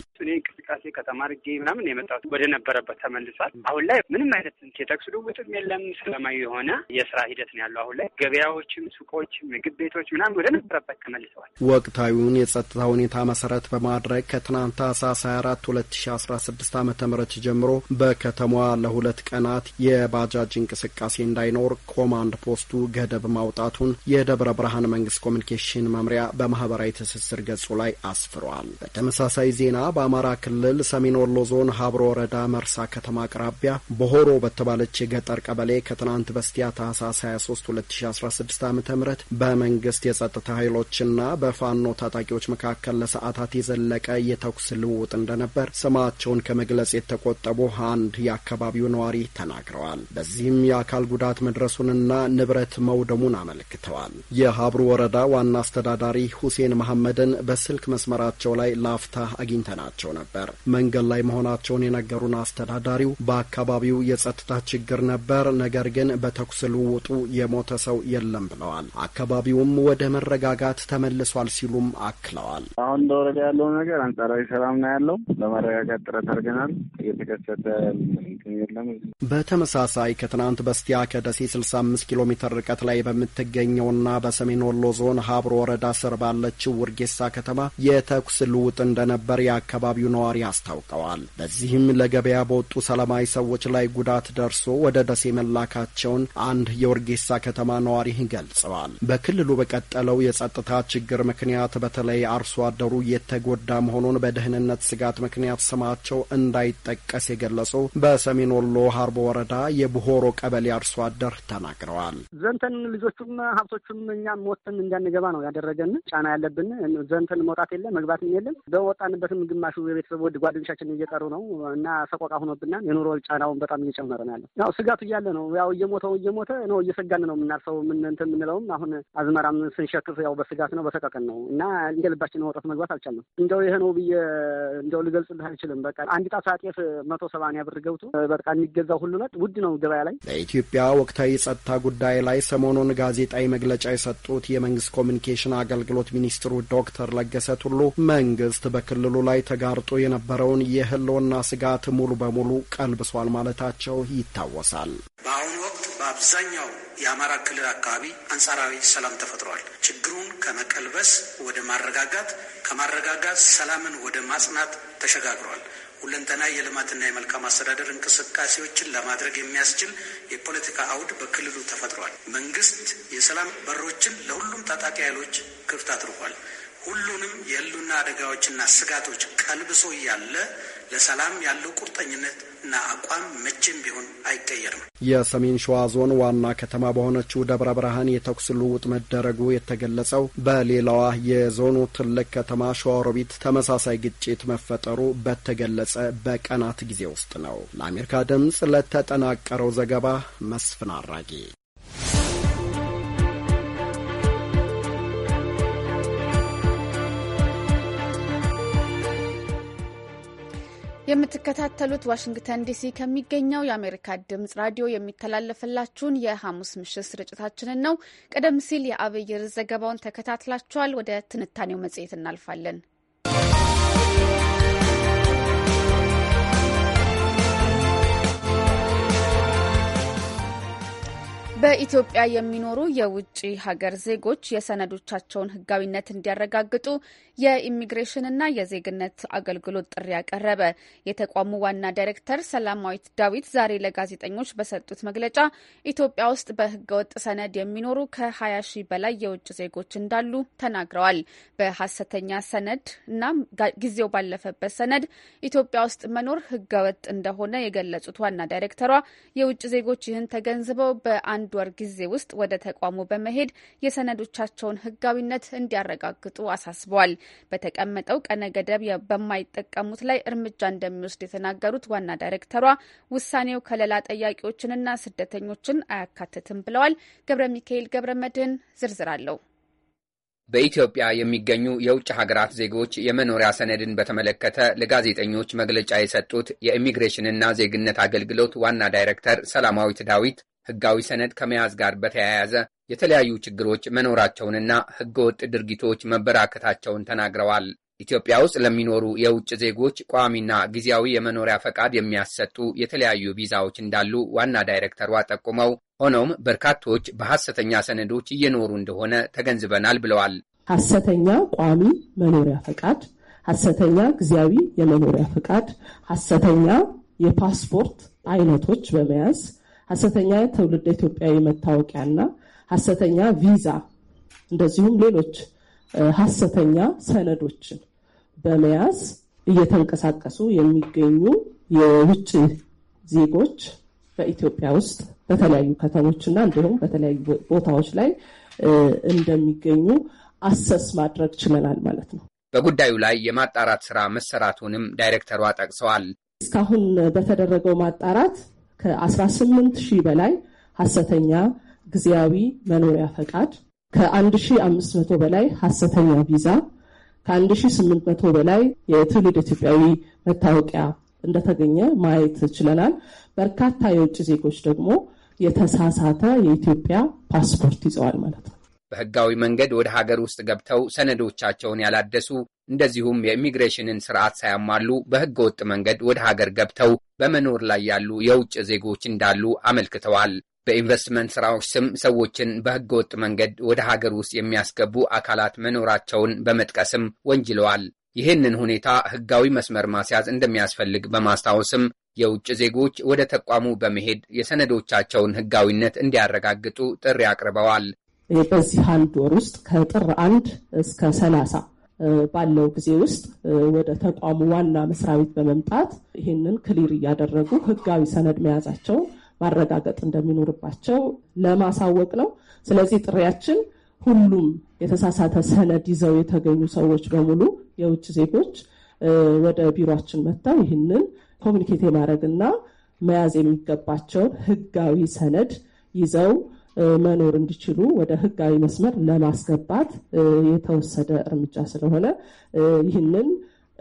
Speaker 4: እንቅስቃሴ ከተማ አድርጌ ምናምን የመጣት ወደ ነበረበት ተመልሷል። አሁን ላይ ምንም አይነት የተኩስ ልውውጥም የለም። ሰላማዊ የሆነ የስራ ሂደት ነው ያለው። አሁን ላይ ገበያዎችም፣ ሱቆች፣ ምግብ ቤቶች ምናምን ወደ ነበረበት ተመልሰዋል።
Speaker 3: ወቅታዊውን የጸጥታ ሁኔታ መሰረት በማድረግ ከትናንት ታህሳስ 24 2016 ዓ ም ጀምሮ በከተማዋ ለሁለት ቀናት የባጃጅ እንቅስቃሴ እንዳይኖር ኮማንድ ፖስቱ ገደብ ማውጣቱን የደብረ ብርሃን መንግስት ኮሚኒኬሽን መምሪያ በማህበራዊ ትስስር ገጹ ላይ አስፍሯል። በተመሳሳይ ዜና በአማራ ክልል ክልል ሰሜን ወሎ ዞን ሀብሮ ወረዳ መርሳ ከተማ አቅራቢያ በሆሮ በተባለች የገጠር ቀበሌ ከትናንት በስቲያ ታህሳስ 23 2016 ዓ ም በመንግስት የጸጥታ ኃይሎችና በፋኖ ታጣቂዎች መካከል ለሰዓታት የዘለቀ የተኩስ ልውውጥ እንደነበር ስማቸውን ከመግለጽ የተቆጠቡ አንድ የአካባቢው ነዋሪ ተናግረዋል። በዚህም የአካል ጉዳት መድረሱንና ንብረት መውደሙን አመልክተዋል። የሀብሩ ወረዳ ዋና አስተዳዳሪ ሁሴን መሐመድን በስልክ መስመራቸው ላይ ላፍታ አግኝተናቸው ነበር። ነበር። መንገድ ላይ መሆናቸውን የነገሩን አስተዳዳሪው በአካባቢው የጸጥታ ችግር ነበር፣ ነገር ግን በተኩስ ልውውጡ የሞተ ሰው የለም ብለዋል። አካባቢውም ወደ መረጋጋት ተመልሷል ሲሉም አክለዋል።
Speaker 4: አሁን እንደ ወረዳ ያለው ነገር አንጻራዊ ሰላም ነው ያለው። ለመረጋጋት ጥረት አድርገናል። እየተከሰተ የለም።
Speaker 3: በተመሳሳይ ከትናንት በስቲያ ከደሴ 65 ኪሎ ሜትር ርቀት ላይ በምትገኘውና በሰሜን ወሎ ዞን ሀብሮ ወረዳ ስር ባለችው ውርጌሳ ከተማ የተኩስ ልውውጥ እንደነበር የአካባቢው ነዋ ተጨማሪ አስታውቀዋል። በዚህም ለገበያ በወጡ ሰላማዊ ሰዎች ላይ ጉዳት ደርሶ ወደ ደሴ መላካቸውን አንድ የወርጌሳ ከተማ ነዋሪ ገልጸዋል። በክልሉ በቀጠለው የጸጥታ ችግር ምክንያት በተለይ አርሶ አደሩ የተጎዳ መሆኑን በደህንነት ስጋት ምክንያት ስማቸው እንዳይጠቀስ የገለጹ በሰሜን ወሎ ሀርቦ ወረዳ የብሆሮ ቀበሌ አርሶ አደር ተናግረዋል።
Speaker 4: ዘንተን ልጆቹም ሀብቶቹም እኛም ሞትን እንዳንገባ ነው ያደረገን ጫና ያለብን። ዘንተን መውጣት የለም መግባትም የለም። በወጣንበትም ግማሹ የቤተሰቡ ውድ ጓደኞቻችን እየቀሩ ነው እና ሰቆቃ ሆኖብናል። የኑሮ ጫናውን በጣም እየጨመረ ነው ያለው። ያው ስጋቱ እያለ ነው ያው እየሞተው እየሞተ ነው እየሰጋን ነው የምናርሰው ምንንት የምንለውም አሁን አዝመራም ስንሸክፍ ያው በስጋት ነው በሰቀቀን ነው እና እንደ ልባችን መውጣት መግባት አልቻልንም። እንደው ይሄ ነው ብዬ እንደው ልገልጽልህ አልችልም። በቃ አንድ ጣሳ ጤፍ መቶ ሰማንያ ብር ገብቶ በቃ የሚገዛው ሁሉ ነጥ ውድ ነው ገበያ ላይ።
Speaker 3: በኢትዮጵያ ወቅታዊ ጸጥታ ጉዳይ ላይ ሰሞኑን ጋዜጣዊ መግለጫ የሰጡት የመንግስት ኮሚኒኬሽን አገልግሎት ሚኒስትሩ ዶክተር ለገሰ ቱሉ መንግስት በክልሉ ላይ ተጋርጦ የነበረውን የህልውና ስጋት ሙሉ በሙሉ ቀልብሷል ማለታቸው ይታወሳል።
Speaker 2: በአሁኑ ወቅት በአብዛኛው የአማራ ክልል አካባቢ አንጻራዊ ሰላም ተፈጥሯል። ችግሩን ከመቀልበስ ወደ ማረጋጋት፣ ከማረጋጋት ሰላምን ወደ ማጽናት ተሸጋግሯል። ሁለንተና የልማትና የመልካም አስተዳደር እንቅስቃሴዎችን ለማድረግ የሚያስችል የፖለቲካ አውድ በክልሉ ተፈጥሯል። መንግስት የሰላም በሮችን ለሁሉም ታጣቂ ኃይሎች ክፍት አድርጓል። ሁሉንም የህልውና አደጋዎችና ስጋቶች ቀልብሶ እያለ ለሰላም ያለው ቁርጠኝነት እና አቋም
Speaker 3: መቼም ቢሆን አይቀየርም። የሰሜን ሸዋ ዞን ዋና ከተማ በሆነችው ደብረ ብርሃን የተኩስ ልውውጥ መደረጉ የተገለጸው በሌላዋ የዞኑ ትልቅ ከተማ ሸዋሮቢት ተመሳሳይ ግጭት መፈጠሩ በተገለጸ በቀናት ጊዜ ውስጥ ነው። ለአሜሪካ ድምፅ ለተጠናቀረው ዘገባ መስፍን አራጌ
Speaker 1: የምትከታተሉት ዋሽንግተን ዲሲ ከሚገኘው የአሜሪካ ድምጽ ራዲዮ የሚተላለፍላችሁን የሐሙስ ምሽት ስርጭታችንን ነው። ቀደም ሲል የአብይር ዘገባውን ተከታትላችኋል። ወደ ትንታኔው መጽሔት እናልፋለን። በኢትዮጵያ የሚኖሩ የውጭ ሀገር ዜጎች የሰነዶቻቸውን ሕጋዊነት እንዲያረጋግጡ የኢሚግሬሽንና የዜግነት አገልግሎት ጥሪ ያቀረበ የተቋሙ ዋና ዳይሬክተር ሰላማዊት ዳዊት ዛሬ ለጋዜጠኞች በሰጡት መግለጫ ኢትዮጵያ ውስጥ በህገወጥ ሰነድ የሚኖሩ ከ20 ሺህ በላይ የውጭ ዜጎች እንዳሉ ተናግረዋል። በሀሰተኛ ሰነድ እና ጊዜው ባለፈበት ሰነድ ኢትዮጵያ ውስጥ መኖር ህገወጥ እንደሆነ የገለጹት ዋና ዳይሬክተሯ የውጭ ዜጎች ይህን ተገንዝበው በአንድ በአንድ ወር ጊዜ ውስጥ ወደ ተቋሙ በመሄድ የሰነዶቻቸውን ሕጋዊነት እንዲያረጋግጡ አሳስበዋል። በተቀመጠው ቀነ ገደብ በማይጠቀሙት ላይ እርምጃ እንደሚወስድ የተናገሩት ዋና ዳይሬክተሯ ውሳኔው ከለላ ጠያቂዎችንና ስደተኞችን አያካትትም ብለዋል። ገብረ ሚካኤል ገብረ መድህን ዝርዝር አለው።
Speaker 6: በኢትዮጵያ የሚገኙ የውጭ ሀገራት ዜጎች የመኖሪያ ሰነድን በተመለከተ ለጋዜጠኞች መግለጫ የሰጡት የኢሚግሬሽንና ዜግነት አገልግሎት ዋና ዳይሬክተር ሰላማዊት ዳዊት ሕጋዊ ሰነድ ከመያዝ ጋር በተያያዘ የተለያዩ ችግሮች መኖራቸውንና ሕገወጥ ድርጊቶች መበራከታቸውን ተናግረዋል። ኢትዮጵያ ውስጥ ለሚኖሩ የውጭ ዜጎች ቋሚና ጊዜያዊ የመኖሪያ ፈቃድ የሚያሰጡ የተለያዩ ቪዛዎች እንዳሉ ዋና ዳይሬክተሯ ጠቁመው፣ ሆኖም በርካቶች በሐሰተኛ ሰነዶች እየኖሩ እንደሆነ ተገንዝበናል ብለዋል።
Speaker 7: ሐሰተኛ ቋሚ መኖሪያ ፈቃድ፣ ሐሰተኛ ጊዜያዊ የመኖሪያ ፈቃድ፣ ሐሰተኛ የፓስፖርት አይነቶች በመያዝ ሀሰተኛ ትውልድ ኢትዮጵያዊ መታወቂያና ሀሰተኛ ቪዛ እንደዚሁም ሌሎች ሀሰተኛ ሰነዶችን በመያዝ እየተንቀሳቀሱ የሚገኙ የውጭ ዜጎች በኢትዮጵያ ውስጥ በተለያዩ ከተሞችና እንዲሁም በተለያዩ ቦታዎች ላይ እንደሚገኙ አሰስ ማድረግ ችለናል ማለት ነው።
Speaker 6: በጉዳዩ ላይ የማጣራት ስራ መሰራቱንም ዳይሬክተሯ ጠቅሰዋል።
Speaker 7: እስካሁን በተደረገው ማጣራት ከ18 ሺህ በላይ ሐሰተኛ ጊዜያዊ መኖሪያ ፈቃድ፣ ከ1500 በላይ ሐሰተኛ ቪዛ፣ ከ1800 በላይ የትውልድ ኢትዮጵያዊ መታወቂያ እንደተገኘ ማየት ችለናል። በርካታ የውጭ ዜጎች ደግሞ የተሳሳተ የኢትዮጵያ ፓስፖርት ይዘዋል ማለት ነው።
Speaker 6: በህጋዊ መንገድ ወደ ሀገር ውስጥ ገብተው ሰነዶቻቸውን ያላደሱ እንደዚሁም የኢሚግሬሽንን ስርዓት ሳያሟሉ በህገ ወጥ መንገድ ወደ ሀገር ገብተው በመኖር ላይ ያሉ የውጭ ዜጎች እንዳሉ አመልክተዋል። በኢንቨስትመንት ስራዎች ስም ሰዎችን በህገ ወጥ መንገድ ወደ ሀገር ውስጥ የሚያስገቡ አካላት መኖራቸውን በመጥቀስም ወንጅለዋል። ይህንን ሁኔታ ህጋዊ መስመር ማስያዝ እንደሚያስፈልግ በማስታወስም የውጭ ዜጎች ወደ ተቋሙ በመሄድ የሰነዶቻቸውን ህጋዊነት እንዲያረጋግጡ ጥሪ አቅርበዋል።
Speaker 7: በዚህ አንድ ወር ውስጥ ከጥር አንድ እስከ ሰላሳ ባለው ጊዜ ውስጥ ወደ ተቋሙ ዋና መስሪያ ቤት በመምጣት ይህንን ክሊር እያደረጉ ህጋዊ ሰነድ መያዛቸው ማረጋገጥ እንደሚኖርባቸው ለማሳወቅ ነው። ስለዚህ ጥሪያችን ሁሉም የተሳሳተ ሰነድ ይዘው የተገኙ ሰዎች በሙሉ የውጭ ዜጎች ወደ ቢሮችን መጥተው ይህንን ኮሚኒኬት የማድረግና መያዝ የሚገባቸውን ህጋዊ ሰነድ ይዘው መኖር እንዲችሉ ወደ ህጋዊ መስመር ለማስገባት የተወሰደ እርምጃ ስለሆነ ይህንን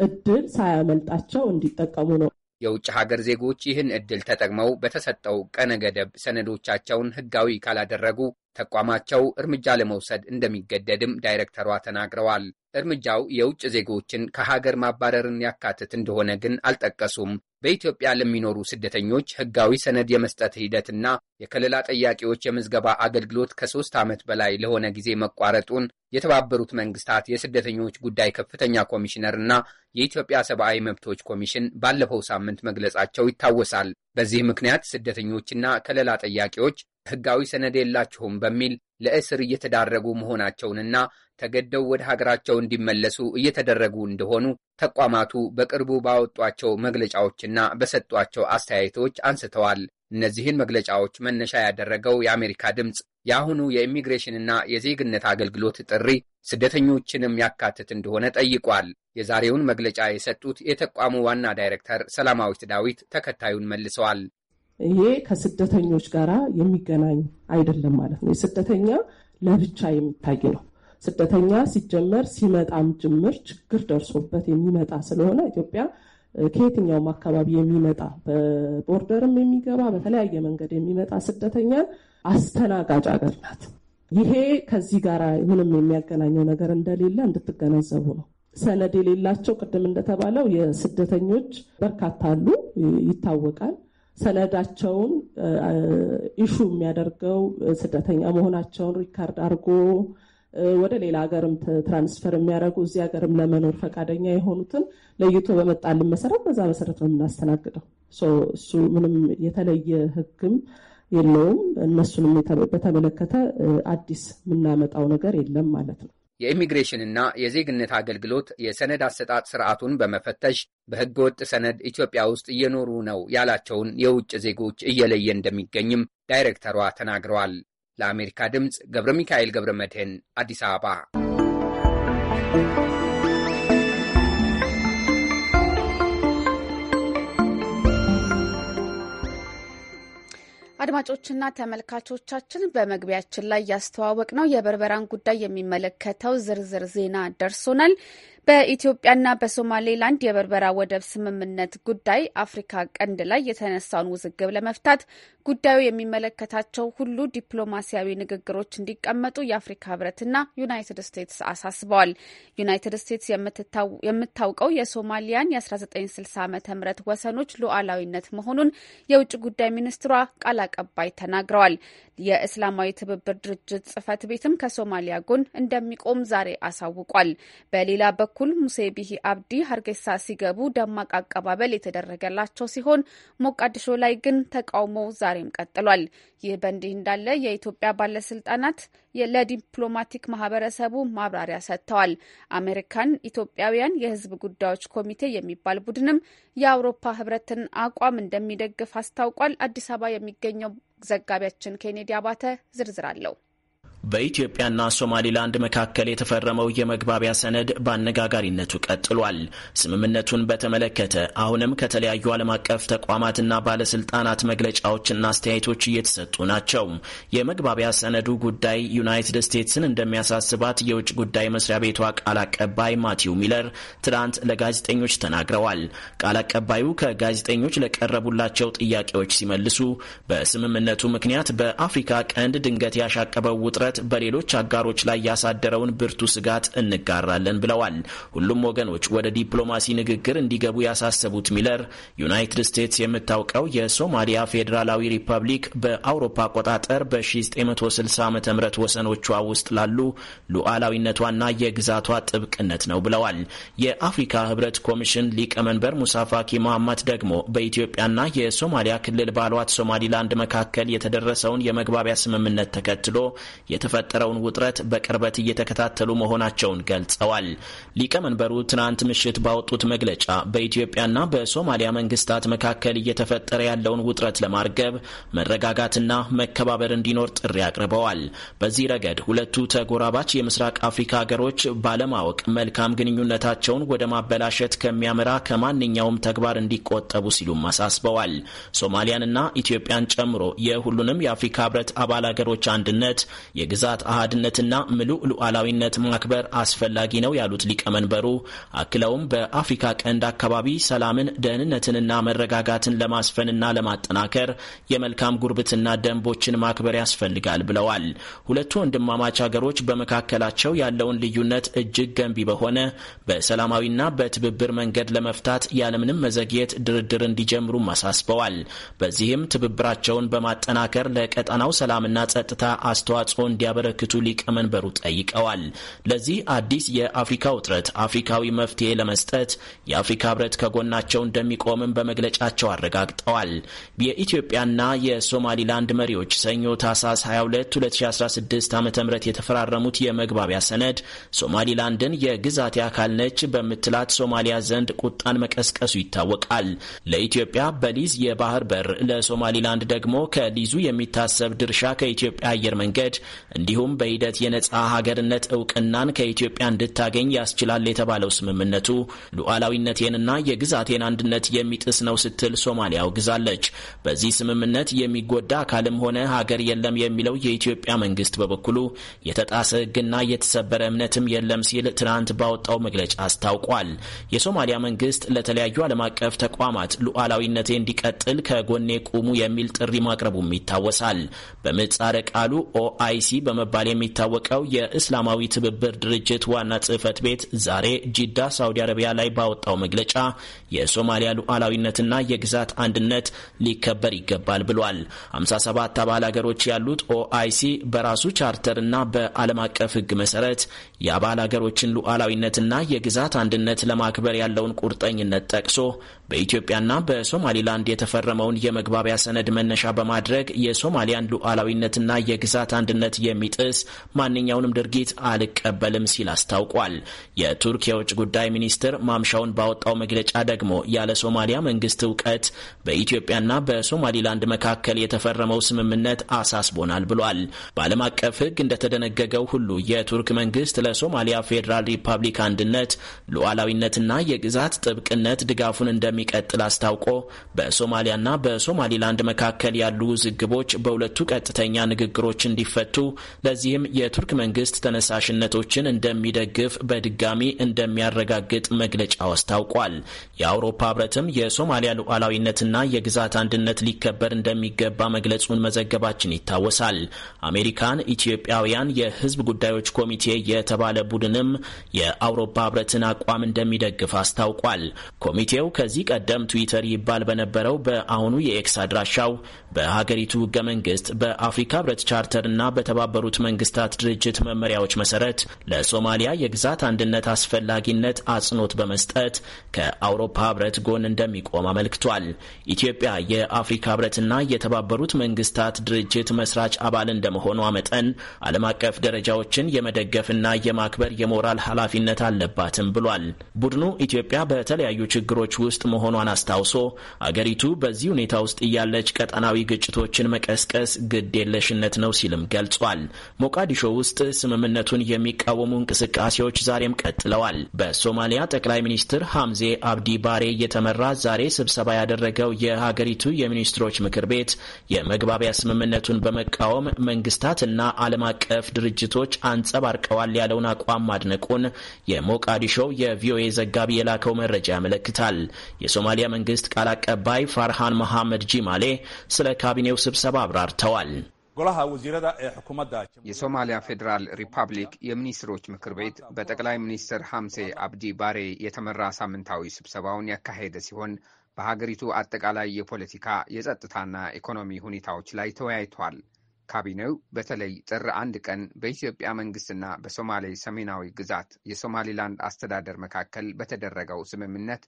Speaker 7: እድል ሳያመልጣቸው እንዲጠቀሙ ነው።
Speaker 6: የውጭ ሀገር ዜጎች ይህን እድል ተጠቅመው በተሰጠው ቀነ ገደብ ሰነዶቻቸውን ህጋዊ ካላደረጉ ተቋማቸው እርምጃ ለመውሰድ እንደሚገደድም ዳይሬክተሯ ተናግረዋል። እርምጃው የውጭ ዜጎችን ከሀገር ማባረርን ያካትት እንደሆነ ግን አልጠቀሱም። በኢትዮጵያ ለሚኖሩ ስደተኞች ሕጋዊ ሰነድ የመስጠት ሂደትና የከለላ ጠያቂዎች የምዝገባ አገልግሎት ከሶስት ዓመት በላይ ለሆነ ጊዜ መቋረጡን የተባበሩት መንግስታት የስደተኞች ጉዳይ ከፍተኛ ኮሚሽነርና የኢትዮጵያ ሰብአዊ መብቶች ኮሚሽን ባለፈው ሳምንት መግለጻቸው ይታወሳል። በዚህ ምክንያት ስደተኞችና ከለላ ጠያቂዎች ሕጋዊ ሰነድ የላችሁም በሚል ለእስር እየተዳረጉ መሆናቸውንና ተገደው ወደ ሀገራቸው እንዲመለሱ እየተደረጉ እንደሆኑ ተቋማቱ በቅርቡ ባወጧቸው መግለጫዎችና በሰጧቸው አስተያየቶች አንስተዋል። እነዚህን መግለጫዎች መነሻ ያደረገው የአሜሪካ ድምፅ የአሁኑ የኢሚግሬሽንና የዜግነት አገልግሎት ጥሪ ስደተኞችንም ያካትት እንደሆነ ጠይቋል። የዛሬውን መግለጫ የሰጡት የተቋሙ ዋና ዳይሬክተር ሰላማዊት ዳዊት ተከታዩን መልሰዋል።
Speaker 7: ይሄ ከስደተኞች ጋር የሚገናኝ አይደለም ማለት ነው። የስደተኛ ለብቻ የሚታይ ነው። ስደተኛ ሲጀመር ሲመጣም ጅምር ችግር ደርሶበት የሚመጣ ስለሆነ ኢትዮጵያ ከየትኛውም አካባቢ የሚመጣ በቦርደርም የሚገባ በተለያየ መንገድ የሚመጣ ስደተኛ አስተናጋጅ ሀገር ናት። ይሄ ከዚህ ጋር ምንም የሚያገናኘው ነገር እንደሌለ እንድትገነዘቡ ነው። ሰነድ የሌላቸው ቅድም እንደተባለው የስደተኞች በርካታ አሉ፣ ይታወቃል። ሰነዳቸውን ኢሹ የሚያደርገው ስደተኛ መሆናቸውን ሪካርድ አድርጎ ወደ ሌላ ሀገርም ትራንስፈር የሚያደርጉ እዚህ ሀገርም ለመኖር ፈቃደኛ የሆኑትን ለይቶ በመጣልን መሰረት በዛ መሰረት ነው የምናስተናግደው። እሱ ምንም የተለየ ህግም የለውም። እነሱንም በተመለከተ አዲስ የምናመጣው ነገር የለም ማለት ነው።
Speaker 6: የኢሚግሬሽንና የዜግነት አገልግሎት የሰነድ አሰጣጥ ስርዓቱን በመፈተሽ ወጥ ሰነድ ኢትዮጵያ ውስጥ እየኖሩ ነው ያላቸውን የውጭ ዜጎች እየለየ እንደሚገኝም ዳይሬክተሯ ተናግረዋል። ለአሜሪካ ድምፅ ገብረ ሚካኤል ገብረ መድህን አዲስ አበባ
Speaker 1: አድማጮችና ተመልካቾቻችን በመግቢያችን ላይ ያስተዋወቅ ነው የበርበራን ጉዳይ የሚመለከተው ዝርዝር ዜና ደርሶናል። በኢትዮጵያና በሶማሌላንድ የበርበራ ወደብ ስምምነት ጉዳይ አፍሪካ ቀንድ ላይ የተነሳውን ውዝግብ ለመፍታት ጉዳዩ የሚመለከታቸው ሁሉ ዲፕሎማሲያዊ ንግግሮች እንዲቀመጡ የአፍሪካ ህብረትና ዩናይትድ ስቴትስ አሳስበዋል። ዩናይትድ ስቴትስ የምታውቀው የሶማሊያን የ1960 ዓ ም ወሰኖች ሉዓላዊነት መሆኑን የውጭ ጉዳይ ሚኒስትሯ ቃል አቀባይ ተናግረዋል። የእስላማዊ ትብብር ድርጅት ጽህፈት ቤትም ከሶማሊያ ጎን እንደሚቆም ዛሬ አሳውቋል። በሌላ በ በኩል ሙሴ ቢሂ አብዲ ሀርጌሳ ሲገቡ ደማቅ አቀባበል የተደረገላቸው ሲሆን ሞቃዲሾ ላይ ግን ተቃውሞ ዛሬም ቀጥሏል። ይህ በእንዲህ እንዳለ የኢትዮጵያ ባለስልጣናት ለዲፕሎማቲክ ማህበረሰቡ ማብራሪያ ሰጥተዋል። አሜሪካን ኢትዮጵያውያን የህዝብ ጉዳዮች ኮሚቴ የሚባል ቡድንም የአውሮፓ ህብረትን አቋም እንደሚደግፍ አስታውቋል። አዲስ አበባ የሚገኘው ዘጋቢያችን ኬኔዲ አባተ ዝርዝር አለው።
Speaker 8: በኢትዮጵያና ሶማሊላንድ መካከል የተፈረመው የመግባቢያ ሰነድ በአነጋጋሪነቱ ቀጥሏል። ስምምነቱን በተመለከተ አሁንም ከተለያዩ ዓለም አቀፍ ተቋማትና ባለስልጣናት መግለጫዎችና አስተያየቶች እየተሰጡ ናቸው። የመግባቢያ ሰነዱ ጉዳይ ዩናይትድ ስቴትስን እንደሚያሳስባት የውጭ ጉዳይ መስሪያ ቤቷ ቃል አቀባይ ማቲው ሚለር ትናንት ለጋዜጠኞች ተናግረዋል። ቃል አቀባዩ ከጋዜጠኞች ለቀረቡላቸው ጥያቄዎች ሲመልሱ በስምምነቱ ምክንያት በአፍሪካ ቀንድ ድንገት ያሻቀበው ውጥረት ጥረት በሌሎች አጋሮች ላይ ያሳደረውን ብርቱ ስጋት እንጋራለን ብለዋል። ሁሉም ወገኖች ወደ ዲፕሎማሲ ንግግር እንዲገቡ ያሳሰቡት ሚለር ዩናይትድ ስቴትስ የምታውቀው የሶማሊያ ፌዴራላዊ ሪፐብሊክ በአውሮፓ አቆጣጠር በ1960 ዓ ም ወሰኖቿ ውስጥ ላሉ ሉዓላዊነቷና የግዛቷ ጥብቅነት ነው ብለዋል። የአፍሪካ ህብረት ኮሚሽን ሊቀመንበር ሙሳፋኪ መሐማት ደግሞ በኢትዮጵያና የሶማሊያ ክልል ባሏት ሶማሊላንድ መካከል የተደረሰውን የመግባቢያ ስምምነት ተከትሎ የተፈጠረውን ውጥረት በቅርበት እየተከታተሉ መሆናቸውን ገልጸዋል። ሊቀመንበሩ ትናንት ምሽት ባወጡት መግለጫ በኢትዮጵያና በሶማሊያ መንግስታት መካከል እየተፈጠረ ያለውን ውጥረት ለማርገብ መረጋጋትና መከባበር እንዲኖር ጥሪ አቅርበዋል። በዚህ ረገድ ሁለቱ ተጎራባች የምስራቅ አፍሪካ ሀገሮች ባለማወቅ መልካም ግንኙነታቸውን ወደ ማበላሸት ከሚያመራ ከማንኛውም ተግባር እንዲቆጠቡ ሲሉም አሳስበዋል። ሶማሊያንና ኢትዮጵያን ጨምሮ የሁሉንም የአፍሪካ ህብረት አባል ሀገሮች አንድነት የግዛት አህድነትና ምሉዕ ሉዓላዊነት ማክበር አስፈላጊ ነው ያሉት ሊቀመንበሩ አክለውም በአፍሪካ ቀንድ አካባቢ ሰላምን፣ ደህንነትንና መረጋጋትን ለማስፈንና ለማጠናከር የመልካም ጉርብትና ደንቦችን ማክበር ያስፈልጋል ብለዋል። ሁለቱ ወንድማማች ሀገሮች በመካከላቸው ያለውን ልዩነት እጅግ ገንቢ በሆነ በሰላማዊና በትብብር መንገድ ለመፍታት ያለምንም መዘግየት ድርድር እንዲጀምሩም አሳስበዋል። በዚህም ትብብራቸውን በማጠናከር ለቀጠናው ሰላምና ጸጥታ አስተዋጽኦ እንዲያበረክቱ ሊቀመንበሩ ጠይቀዋል። ለዚህ አዲስ የአፍሪካ ውጥረት አፍሪካዊ መፍትሄ ለመስጠት የአፍሪካ ህብረት ከጎናቸው እንደሚቆምም በመግለጫቸው አረጋግጠዋል። የኢትዮጵያና የሶማሊላንድ መሪዎች ሰኞ ታህሳስ 22 2016 ዓ ም የተፈራረሙት የመግባቢያ ሰነድ ሶማሊላንድን የግዛት አካል ነች በምትላት ሶማሊያ ዘንድ ቁጣን መቀስቀሱ ይታወቃል። ለኢትዮጵያ በሊዝ የባህር በር፣ ለሶማሊላንድ ደግሞ ከሊዙ የሚታሰብ ድርሻ ከኢትዮጵያ አየር መንገድ እንዲሁም በሂደት የነጻ ሀገርነት እውቅናን ከኢትዮጵያ እንድታገኝ ያስችላል የተባለው ስምምነቱ ሉዓላዊነቴንና የግዛቴን አንድነት የሚጥስ ነው ስትል ሶማሊያ አውግዛለች። በዚህ ስምምነት የሚጎዳ አካልም ሆነ ሀገር የለም የሚለው የኢትዮጵያ መንግስት በበኩሉ የተጣሰ ሕግና የተሰበረ እምነትም የለም ሲል ትናንት ባወጣው መግለጫ አስታውቋል። የሶማሊያ መንግስት ለተለያዩ ዓለም አቀፍ ተቋማት ሉዓላዊነቴ እንዲቀጥል ከጎኔ ቁሙ የሚል ጥሪ ማቅረቡም ይታወሳል። በምህጻረ ቃሉ ኦአይሲ በመባል የሚታወቀው የእስላማዊ ትብብር ድርጅት ዋና ጽህፈት ቤት ዛሬ ጂዳ ሳውዲ አረቢያ ላይ ባወጣው መግለጫ የሶማሊያ ሉዓላዊነትና የግዛት አንድነት ሊከበር ይገባል ብሏል። 57 አባል ሀገሮች ያሉት ኦአይሲ በራሱ ቻርተርና በዓለም አቀፍ ሕግ መሰረት የአባል አገሮችን ሉዓላዊነትና የግዛት አንድነት ለማክበር ያለውን ቁርጠኝነት ጠቅሶ በኢትዮጵያና በሶማሊላንድ የተፈረመውን የመግባቢያ ሰነድ መነሻ በማድረግ የሶማሊያን ሉዓላዊነትና የግዛት አንድነት የሚጥስ ማንኛውንም ድርጊት አልቀበልም ሲል አስታውቋል። የቱርክ የውጭ ጉዳይ ሚኒስትር ማምሻውን ባወጣው መግለጫ ደግሞ ያለ ሶማሊያ መንግስት እውቀት በኢትዮጵያና በሶማሊላንድ መካከል የተፈረመው ስምምነት አሳስቦናል ብሏል። በዓለም አቀፍ ሕግ እንደተደነገገው ሁሉ የቱርክ መንግስት ለ በሶማሊያ ፌዴራል ሪፐብሊክ አንድነት ሉዓላዊነትና የግዛት ጥብቅነት ድጋፉን እንደሚቀጥል አስታውቆ በሶማሊያና በሶማሊላንድ መካከል ያሉ ውዝግቦች በሁለቱ ቀጥተኛ ንግግሮች እንዲፈቱ ለዚህም የቱርክ መንግስት ተነሳሽነቶችን እንደሚደግፍ በድጋሚ እንደሚያረጋግጥ መግለጫው አስታውቋል። የአውሮፓ ህብረትም የሶማሊያ ሉዓላዊነትና የግዛት አንድነት ሊከበር እንደሚገባ መግለጹን መዘገባችን ይታወሳል። አሜሪካን ኢትዮጵያውያን የህዝብ ጉዳዮች ኮሚቴ የተ የተባለ ቡድንም የአውሮፓ ህብረትን አቋም እንደሚደግፍ አስታውቋል። ኮሚቴው ከዚህ ቀደም ትዊተር ይባል በነበረው በአሁኑ የኤክስ አድራሻው በሀገሪቱ ህገ መንግስት፣ በአፍሪካ ህብረት ቻርተር እና በተባበሩት መንግስታት ድርጅት መመሪያዎች መሰረት ለሶማሊያ የግዛት አንድነት አስፈላጊነት አጽንኦት በመስጠት ከአውሮፓ ህብረት ጎን እንደሚቆም አመልክቷል። ኢትዮጵያ የአፍሪካ ህብረትና የተባበሩት መንግስታት ድርጅት መስራች አባል እንደመሆኗ መጠን ዓለም አቀፍ ደረጃዎችን የመደገፍና የ የማክበር የሞራል ኃላፊነት አለባትም ብሏል። ቡድኑ ኢትዮጵያ በተለያዩ ችግሮች ውስጥ መሆኗን አስታውሶ አገሪቱ በዚህ ሁኔታ ውስጥ እያለች ቀጠናዊ ግጭቶችን መቀስቀስ ግድ የለሽነት ነው ሲልም ገልጿል። ሞቃዲሾ ውስጥ ስምምነቱን የሚቃወሙ እንቅስቃሴዎች ዛሬም ቀጥለዋል። በሶማሊያ ጠቅላይ ሚኒስትር ሐምዜ አብዲ ባሬ የተመራ ዛሬ ስብሰባ ያደረገው የሀገሪቱ የሚኒስትሮች ምክር ቤት የመግባቢያ ስምምነቱን በመቃወም መንግስታትና ዓለም አቀፍ ድርጅቶች አንጸባርቀዋል ያለ የተባለውን አቋም ማድነቁን የሞቃዲሾው የቪኦኤ ዘጋቢ የላከው መረጃ ያመለክታል። የሶማሊያ መንግስት ቃል አቀባይ ፋርሃን መሐመድ ጂማሌ ስለ ካቢኔው ስብሰባ አብራርተዋል።
Speaker 6: የሶማሊያ ፌዴራል ሪፐብሊክ የሚኒስትሮች ምክር ቤት በጠቅላይ ሚኒስትር ሐምሴ አብዲ ባሬ የተመራ ሳምንታዊ ስብሰባውን ያካሄደ ሲሆን በሀገሪቱ አጠቃላይ የፖለቲካ የጸጥታና ኢኮኖሚ ሁኔታዎች ላይ ተወያይቷል። ካቢኔው በተለይ ጥር አንድ ቀን በኢትዮጵያ መንግስትና በሶማሌ ሰሜናዊ ግዛት የሶማሊላንድ አስተዳደር መካከል በተደረገው ስምምነት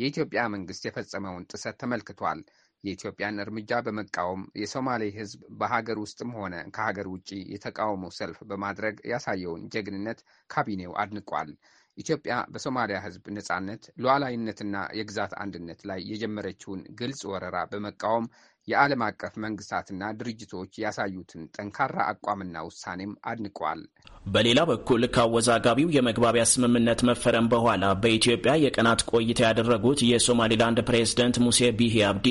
Speaker 6: የኢትዮጵያ መንግስት የፈጸመውን ጥሰት ተመልክቷል። የኢትዮጵያን እርምጃ በመቃወም የሶማሌ ሕዝብ በሀገር ውስጥም ሆነ ከሀገር ውጭ የተቃውሞ ሰልፍ በማድረግ ያሳየውን ጀግንነት ካቢኔው አድንቋል። ኢትዮጵያ በሶማሊያ ሕዝብ ነጻነት ሉዓላዊነትና የግዛት አንድነት ላይ የጀመረችውን ግልጽ ወረራ በመቃወም የዓለም አቀፍ መንግስታትና ድርጅቶች ያሳዩትን ጠንካራ አቋምና ውሳኔም አድንቋል።
Speaker 8: በሌላ በኩል ከአወዛጋቢው የመግባቢያ ስምምነት መፈረም በኋላ በኢትዮጵያ የቀናት ቆይታ ያደረጉት የሶማሊላንድ ፕሬዝደንት ሙሴ ቢሂ አብዲ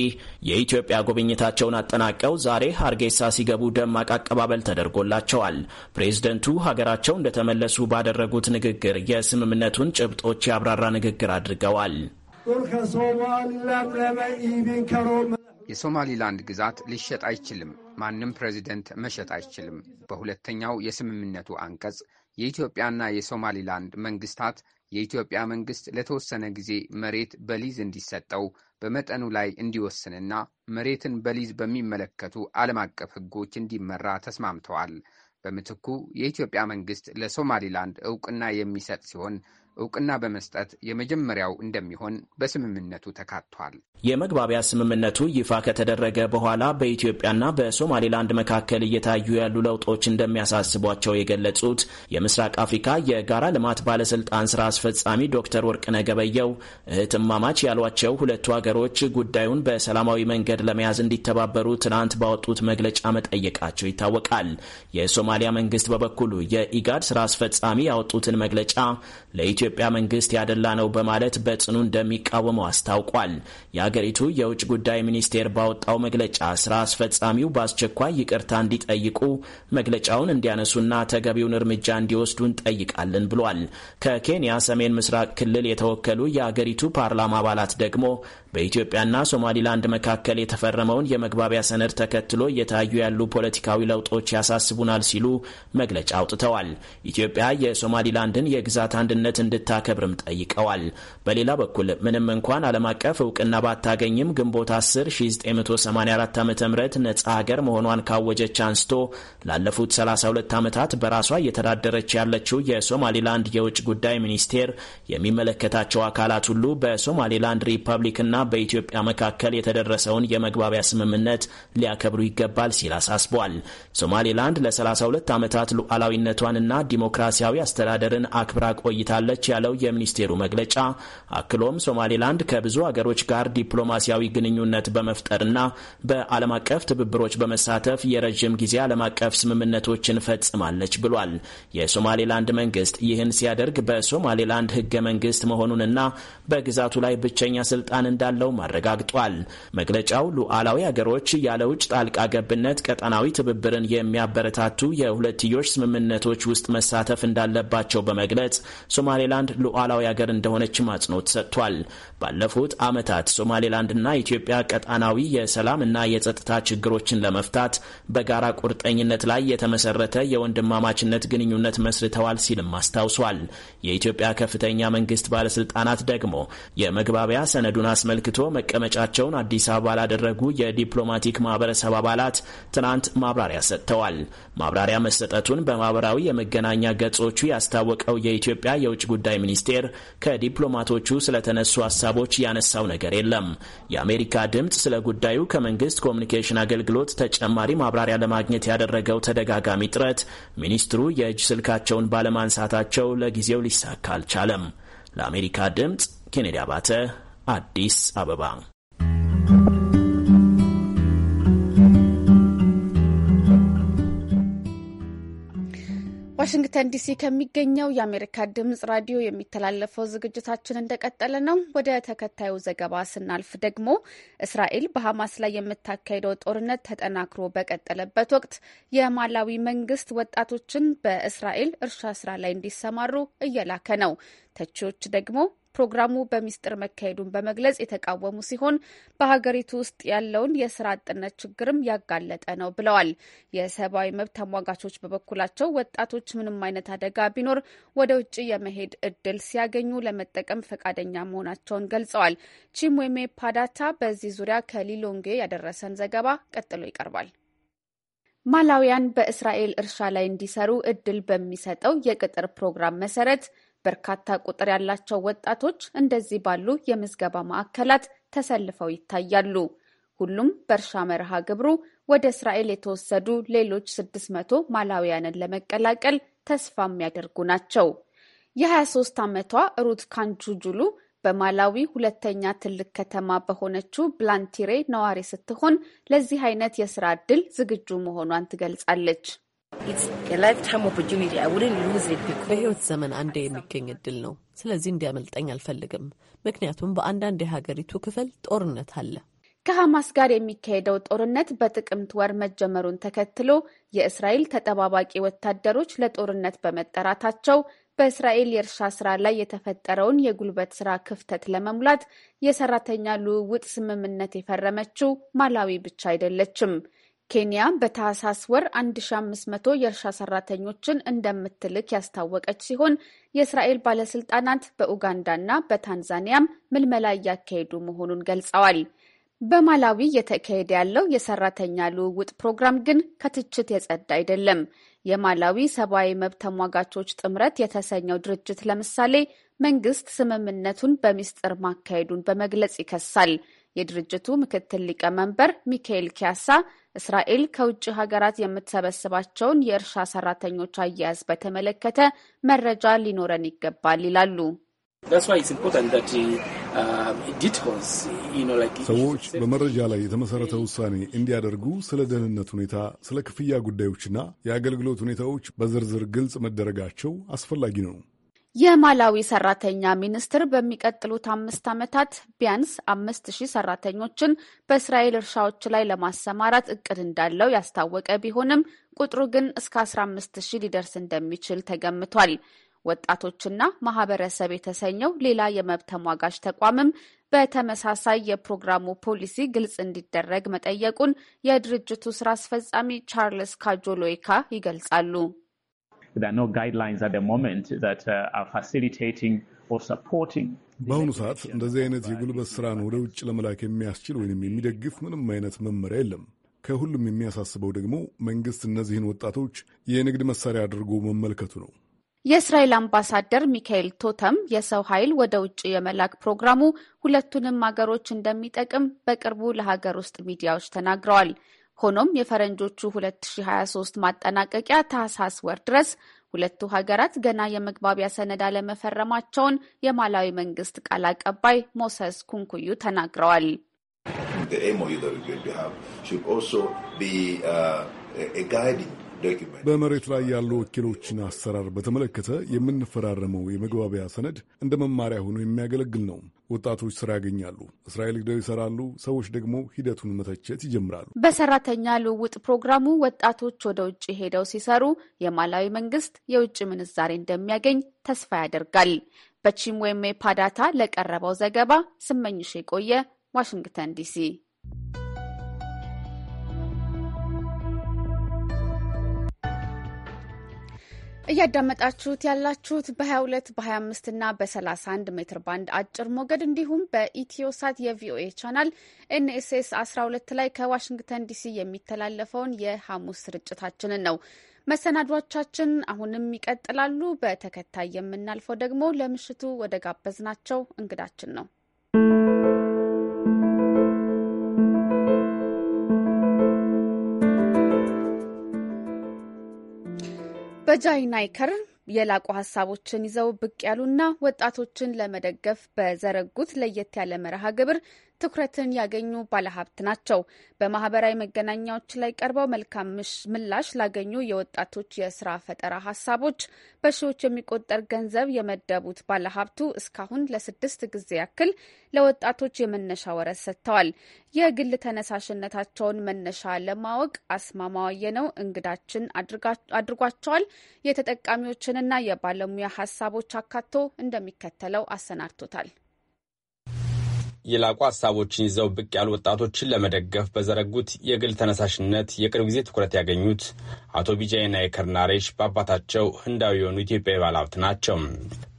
Speaker 8: የኢትዮጵያ ጉብኝታቸውን አጠናቀው ዛሬ ሀርጌሳ ሲገቡ ደማቅ አቀባበል ተደርጎላቸዋል። ፕሬዝደንቱ ሀገራቸው እንደተመለሱ ባደረጉት ንግግር የስምምነቱን ጭብጦች ያብራራ ንግግር አድርገዋል።
Speaker 6: የሶማሊላንድ ግዛት ሊሸጥ አይችልም። ማንም ፕሬዚደንት መሸጥ አይችልም። በሁለተኛው የስምምነቱ አንቀጽ የኢትዮጵያና የሶማሊላንድ መንግስታት የኢትዮጵያ መንግስት ለተወሰነ ጊዜ መሬት በሊዝ እንዲሰጠው በመጠኑ ላይ እንዲወስንና መሬትን በሊዝ በሚመለከቱ ዓለም አቀፍ ሕጎች እንዲመራ ተስማምተዋል። በምትኩ የኢትዮጵያ መንግስት ለሶማሊላንድ ዕውቅና የሚሰጥ ሲሆን እውቅና በመስጠት የመጀመሪያው እንደሚሆን በስምምነቱ ተካቷል።
Speaker 8: የመግባቢያ ስምምነቱ ይፋ ከተደረገ በኋላ በኢትዮጵያና በሶማሌላንድ መካከል እየታዩ ያሉ ለውጦች እንደሚያሳስቧቸው የገለጹት የምስራቅ አፍሪካ የጋራ ልማት ባለስልጣን ስራ አስፈጻሚ ዶክተር ወርቅነህ ገበየው እህትማማች ያሏቸው ሁለቱ ሀገሮች ጉዳዩን በሰላማዊ መንገድ ለመያዝ እንዲተባበሩ ትናንት ባወጡት መግለጫ መጠየቃቸው ይታወቃል። የሶማሊያ መንግስት በበኩሉ የኢጋድ ስራ አስፈጻሚ ያወጡትን መግለጫ ለኢትዮ የኢትዮጵያ መንግስት ያደላ ነው በማለት በጽኑ እንደሚቃወመው አስታውቋል። የአገሪቱ የውጭ ጉዳይ ሚኒስቴር ባወጣው መግለጫ ስራ አስፈጻሚው በአስቸኳይ ይቅርታ እንዲጠይቁ፣ መግለጫውን እንዲያነሱና ተገቢውን እርምጃ እንዲወስዱ እንጠይቃለን ብሏል። ከኬንያ ሰሜን ምስራቅ ክልል የተወከሉ የአገሪቱ ፓርላማ አባላት ደግሞ በኢትዮጵያና ሶማሊላንድ መካከል የተፈረመውን የመግባቢያ ሰነድ ተከትሎ እየታዩ ያሉ ፖለቲካዊ ለውጦች ያሳስቡናል ሲሉ መግለጫ አውጥተዋል። ኢትዮጵያ የሶማሊላንድን የግዛት አንድነት እንድታከብርም ጠይቀዋል። በሌላ በኩል ምንም እንኳን ዓለም አቀፍ እውቅና ባታገኝም ግንቦት 10 1984 ዓ ም ነጻ ሀገር መሆኗን ካወጀች አንስቶ ላለፉት 32 ዓመታት በራሷ እየተዳደረች ያለችው የሶማሊላንድ የውጭ ጉዳይ ሚኒስቴር የሚመለከታቸው አካላት ሁሉ በሶማሊላንድ ሪፐብሊክና በኢትዮጵያ መካከል የተደረሰውን የመግባቢያ ስምምነት ሊያከብሩ ይገባል ሲል አሳስቧል። ሶማሌላንድ ለ32 ዓመታት ሉዓላዊነቷንና ዲሞክራሲያዊ አስተዳደርን አክብራ ቆይታለች ያለው የሚኒስቴሩ መግለጫ አክሎም ሶማሌላንድ ከብዙ አገሮች ጋር ዲፕሎማሲያዊ ግንኙነት በመፍጠርና በዓለም አቀፍ ትብብሮች በመሳተፍ የረዥም ጊዜ ዓለም አቀፍ ስምምነቶችን ፈጽማለች ብሏል። የሶማሌላንድ መንግስት ይህን ሲያደርግ በሶማሌላንድ ህገ መንግስት መሆኑንና በግዛቱ ላይ ብቸኛ ስልጣን እንዳ እንዳለው ማረጋግጧል። መግለጫው ሉዓላዊ ሀገሮች ያለ ውጭ ጣልቃ ገብነት ቀጠናዊ ትብብርን የሚያበረታቱ የሁለትዮሽ ስምምነቶች ውስጥ መሳተፍ እንዳለባቸው በመግለጽ ሶማሌላንድ ሉዓላዊ ሀገር እንደሆነች አጽንኦት ሰጥቷል። ባለፉት ዓመታት ሶማሌላንድና ኢትዮጵያ ቀጣናዊ የሰላም እና የጸጥታ ችግሮችን ለመፍታት በጋራ ቁርጠኝነት ላይ የተመሰረተ የወንድማማችነት ግንኙነት መስርተዋል ሲልም አስታውሷል። የኢትዮጵያ ከፍተኛ መንግስት ባለስልጣናት ደግሞ የመግባቢያ ሰነዱን አስመ አስመልክቶ መቀመጫቸውን አዲስ አበባ ላደረጉ የዲፕሎማቲክ ማህበረሰብ አባላት ትናንት ማብራሪያ ሰጥተዋል። ማብራሪያ መሰጠቱን በማህበራዊ የመገናኛ ገጾቹ ያስታወቀው የኢትዮጵያ የውጭ ጉዳይ ሚኒስቴር ከዲፕሎማቶቹ ስለተነሱ ሀሳቦች ያነሳው ነገር የለም። የአሜሪካ ድምፅ ስለ ጉዳዩ ከመንግስት ኮሚኒኬሽን አገልግሎት ተጨማሪ ማብራሪያ ለማግኘት ያደረገው ተደጋጋሚ ጥረት ሚኒስትሩ የእጅ ስልካቸውን ባለማንሳታቸው ለጊዜው ሊሳካ አልቻለም። ለአሜሪካ ድምፅ ኬኔዲ አባተ አዲስ አበባ።
Speaker 1: ዋሽንግተን ዲሲ ከሚገኘው የአሜሪካ ድምጽ ራዲዮ የሚተላለፈው ዝግጅታችን እንደቀጠለ ነው። ወደ ተከታዩ ዘገባ ስናልፍ ደግሞ እስራኤል በሐማስ ላይ የምታካሄደው ጦርነት ተጠናክሮ በቀጠለበት ወቅት የማላዊ መንግስት ወጣቶችን በእስራኤል እርሻ ስራ ላይ እንዲሰማሩ እየላከ ነው። ተቺዎች ደግሞ ፕሮግራሙ በሚስጥር መካሄዱን በመግለጽ የተቃወሙ ሲሆን በሀገሪቱ ውስጥ ያለውን የስራ አጥነት ችግርም ያጋለጠ ነው ብለዋል። የሰብአዊ መብት ተሟጋቾች በበኩላቸው ወጣቶች ምንም አይነት አደጋ ቢኖር ወደ ውጭ የመሄድ እድል ሲያገኙ ለመጠቀም ፈቃደኛ መሆናቸውን ገልጸዋል። ቺምዌሜ ፓዳታ በዚህ ዙሪያ ከሊሎንጌ ያደረሰን ዘገባ ቀጥሎ ይቀርባል። ማላውያን በእስራኤል እርሻ ላይ እንዲሰሩ እድል በሚሰጠው የቅጥር ፕሮግራም መሰረት በርካታ ቁጥር ያላቸው ወጣቶች እንደዚህ ባሉ የምዝገባ ማዕከላት ተሰልፈው ይታያሉ። ሁሉም በእርሻ መርሃ ግብሩ ወደ እስራኤል የተወሰዱ ሌሎች 600 ማላውያንን ለመቀላቀል ተስፋ የሚያደርጉ ናቸው። የ23 ዓመቷ ሩት ካንቹጁሉ በማላዊ ሁለተኛ ትልቅ ከተማ በሆነችው ብላንቲሬ ነዋሪ ስትሆን ለዚህ አይነት የስራ እድል ዝግጁ መሆኗን ትገልጻለች።
Speaker 7: በህይወት ዘመን አንዴ የሚገኝ እድል ነው። ስለዚህ እንዲያመልጠኝ አልፈልግም። ምክንያቱም በአንዳንድ የሀገሪቱ ክፍል ጦርነት አለ።
Speaker 1: ከሐማስ ጋር የሚካሄደው ጦርነት በጥቅምት ወር መጀመሩን ተከትሎ የእስራኤል ተጠባባቂ ወታደሮች ለጦርነት በመጠራታቸው በእስራኤል የእርሻ ስራ ላይ የተፈጠረውን የጉልበት ስራ ክፍተት ለመሙላት የሰራተኛ ልውውጥ ስምምነት የፈረመችው ማላዊ ብቻ አይደለችም። ኬንያ በታህሳስ ወር 1500 የእርሻ ሰራተኞችን እንደምትልክ ያስታወቀች ሲሆን የእስራኤል ባለስልጣናት በኡጋንዳና በታንዛኒያም ምልመላ እያካሄዱ መሆኑን ገልጸዋል። በማላዊ እየተካሄደ ያለው የሰራተኛ ልውውጥ ፕሮግራም ግን ከትችት የጸዳ አይደለም። የማላዊ ሰብአዊ መብት ተሟጋቾች ጥምረት የተሰኘው ድርጅት ለምሳሌ መንግስት ስምምነቱን በሚስጥር ማካሄዱን በመግለጽ ይከሳል። የድርጅቱ ምክትል ሊቀመንበር ሚካኤል ኪያሳ እስራኤል ከውጭ ሀገራት የምትሰበስባቸውን የእርሻ ሰራተኞች አያያዝ በተመለከተ መረጃ ሊኖረን ይገባል ይላሉ።
Speaker 8: Um, ሰዎች በመረጃ
Speaker 9: ላይ የተመሰረተ ውሳኔ እንዲያደርጉ ስለ ደህንነት ሁኔታ፣ ስለ ክፍያ ጉዳዮችና የአገልግሎት ሁኔታዎች በዝርዝር ግልጽ መደረጋቸው አስፈላጊ ነው።
Speaker 1: የማላዊ ሰራተኛ ሚኒስትር በሚቀጥሉት አምስት ዓመታት ቢያንስ አምስት ሺህ ሰራተኞችን በእስራኤል እርሻዎች ላይ ለማሰማራት እቅድ እንዳለው ያስታወቀ ቢሆንም ቁጥሩ ግን እስከ አስራ አምስት ሺህ ሊደርስ እንደሚችል ተገምቷል። ወጣቶችና ማህበረሰብ የተሰኘው ሌላ የመብት ተሟጋች ተቋምም በተመሳሳይ የፕሮግራሙ ፖሊሲ ግልጽ እንዲደረግ መጠየቁን የድርጅቱ ስራ አስፈጻሚ ቻርልስ ካጆሎይካ ይገልጻሉ። uh,
Speaker 9: በአሁኑ ሰዓት እንደዚህ አይነት የጉልበት ስራን ወደ ውጭ ለመላክ የሚያስችል ወይም የሚደግፍ ምንም አይነት መመሪያ የለም። ከሁሉም የሚያሳስበው ደግሞ መንግስት እነዚህን ወጣቶች የንግድ መሳሪያ አድርጎ መመልከቱ ነው።
Speaker 1: የእስራኤል አምባሳደር ሚካኤል ቶተም የሰው ኃይል ወደ ውጭ የመላክ ፕሮግራሙ ሁለቱንም አገሮች እንደሚጠቅም በቅርቡ ለሀገር ውስጥ ሚዲያዎች ተናግረዋል። ሆኖም የፈረንጆቹ 2023 ማጠናቀቂያ ታህሳስ ወር ድረስ ሁለቱ ሀገራት ገና የመግባቢያ ሰነድ አለመፈረማቸውን የማላዊ መንግስት ቃል አቀባይ ሞሰስ ኩንኩዩ ተናግረዋል።
Speaker 9: ጋይዲንግ በመሬት ላይ ያሉ ወኪሎችን አሰራር በተመለከተ የምንፈራረመው የመግባቢያ ሰነድ እንደ መማሪያ ሆኖ የሚያገለግል ነው። ወጣቶች ስራ ያገኛሉ፣ እስራኤል ሄደው ይሰራሉ፣ ሰዎች ደግሞ ሂደቱን መተቸት ይጀምራሉ።
Speaker 1: በሰራተኛ ልውውጥ ፕሮግራሙ ወጣቶች ወደ ውጭ ሄደው ሲሰሩ የማላዊ መንግስት የውጭ ምንዛሬ እንደሚያገኝ ተስፋ ያደርጋል። በቺምዌሜ ፓዳታ ለቀረበው ዘገባ ስመኝሽ የቆየ ዋሽንግተን ዲሲ። እያዳመጣችሁት ያላችሁት በ22 በ25 እና በ31 ሜትር ባንድ አጭር ሞገድ እንዲሁም በኢትዮሳት የቪኦኤ ቻናል ኤንኤስኤስ 12 ላይ ከዋሽንግተን ዲሲ የሚተላለፈውን የሐሙስ ስርጭታችንን ነው። መሰናዷቻችን አሁንም ይቀጥላሉ። በተከታይ የምናልፈው ደግሞ ለምሽቱ ወደ ጋበዝናቸው እንግዳችን ነው። በጃይ ናይከር የላቁ ሀሳቦችን ይዘው ብቅ ያሉና ወጣቶችን ለመደገፍ በዘረጉት ለየት ያለ መርሃ ግብር ትኩረትን ያገኙ ባለሀብት ናቸው። በማህበራዊ መገናኛዎች ላይ ቀርበው መልካም ምላሽ ላገኙ የወጣቶች የስራ ፈጠራ ሀሳቦች በሺዎች የሚቆጠር ገንዘብ የመደቡት ባለሀብቱ እስካሁን ለስድስት ጊዜ ያክል ለወጣቶች የመነሻ ወረት ሰጥተዋል። የግል ተነሳሽነታቸውን መነሻ ለማወቅ አስማማዋየ ነው እንግዳችን አድርጓቸዋል። የተጠቃሚዎችንና የባለሙያ ሀሳቦች አካቶ እንደሚከተለው አሰናድቶታል።
Speaker 10: የላቁ ሀሳቦችን ይዘው ብቅ ያሉ ወጣቶችን ለመደገፍ በዘረጉት የግል ተነሳሽነት የቅርብ ጊዜ ትኩረት ያገኙት አቶ ቢጃይና የከርናሬሽ በአባታቸው ህንዳዊ የሆኑ ኢትዮጵያዊ ባለሀብት ናቸው።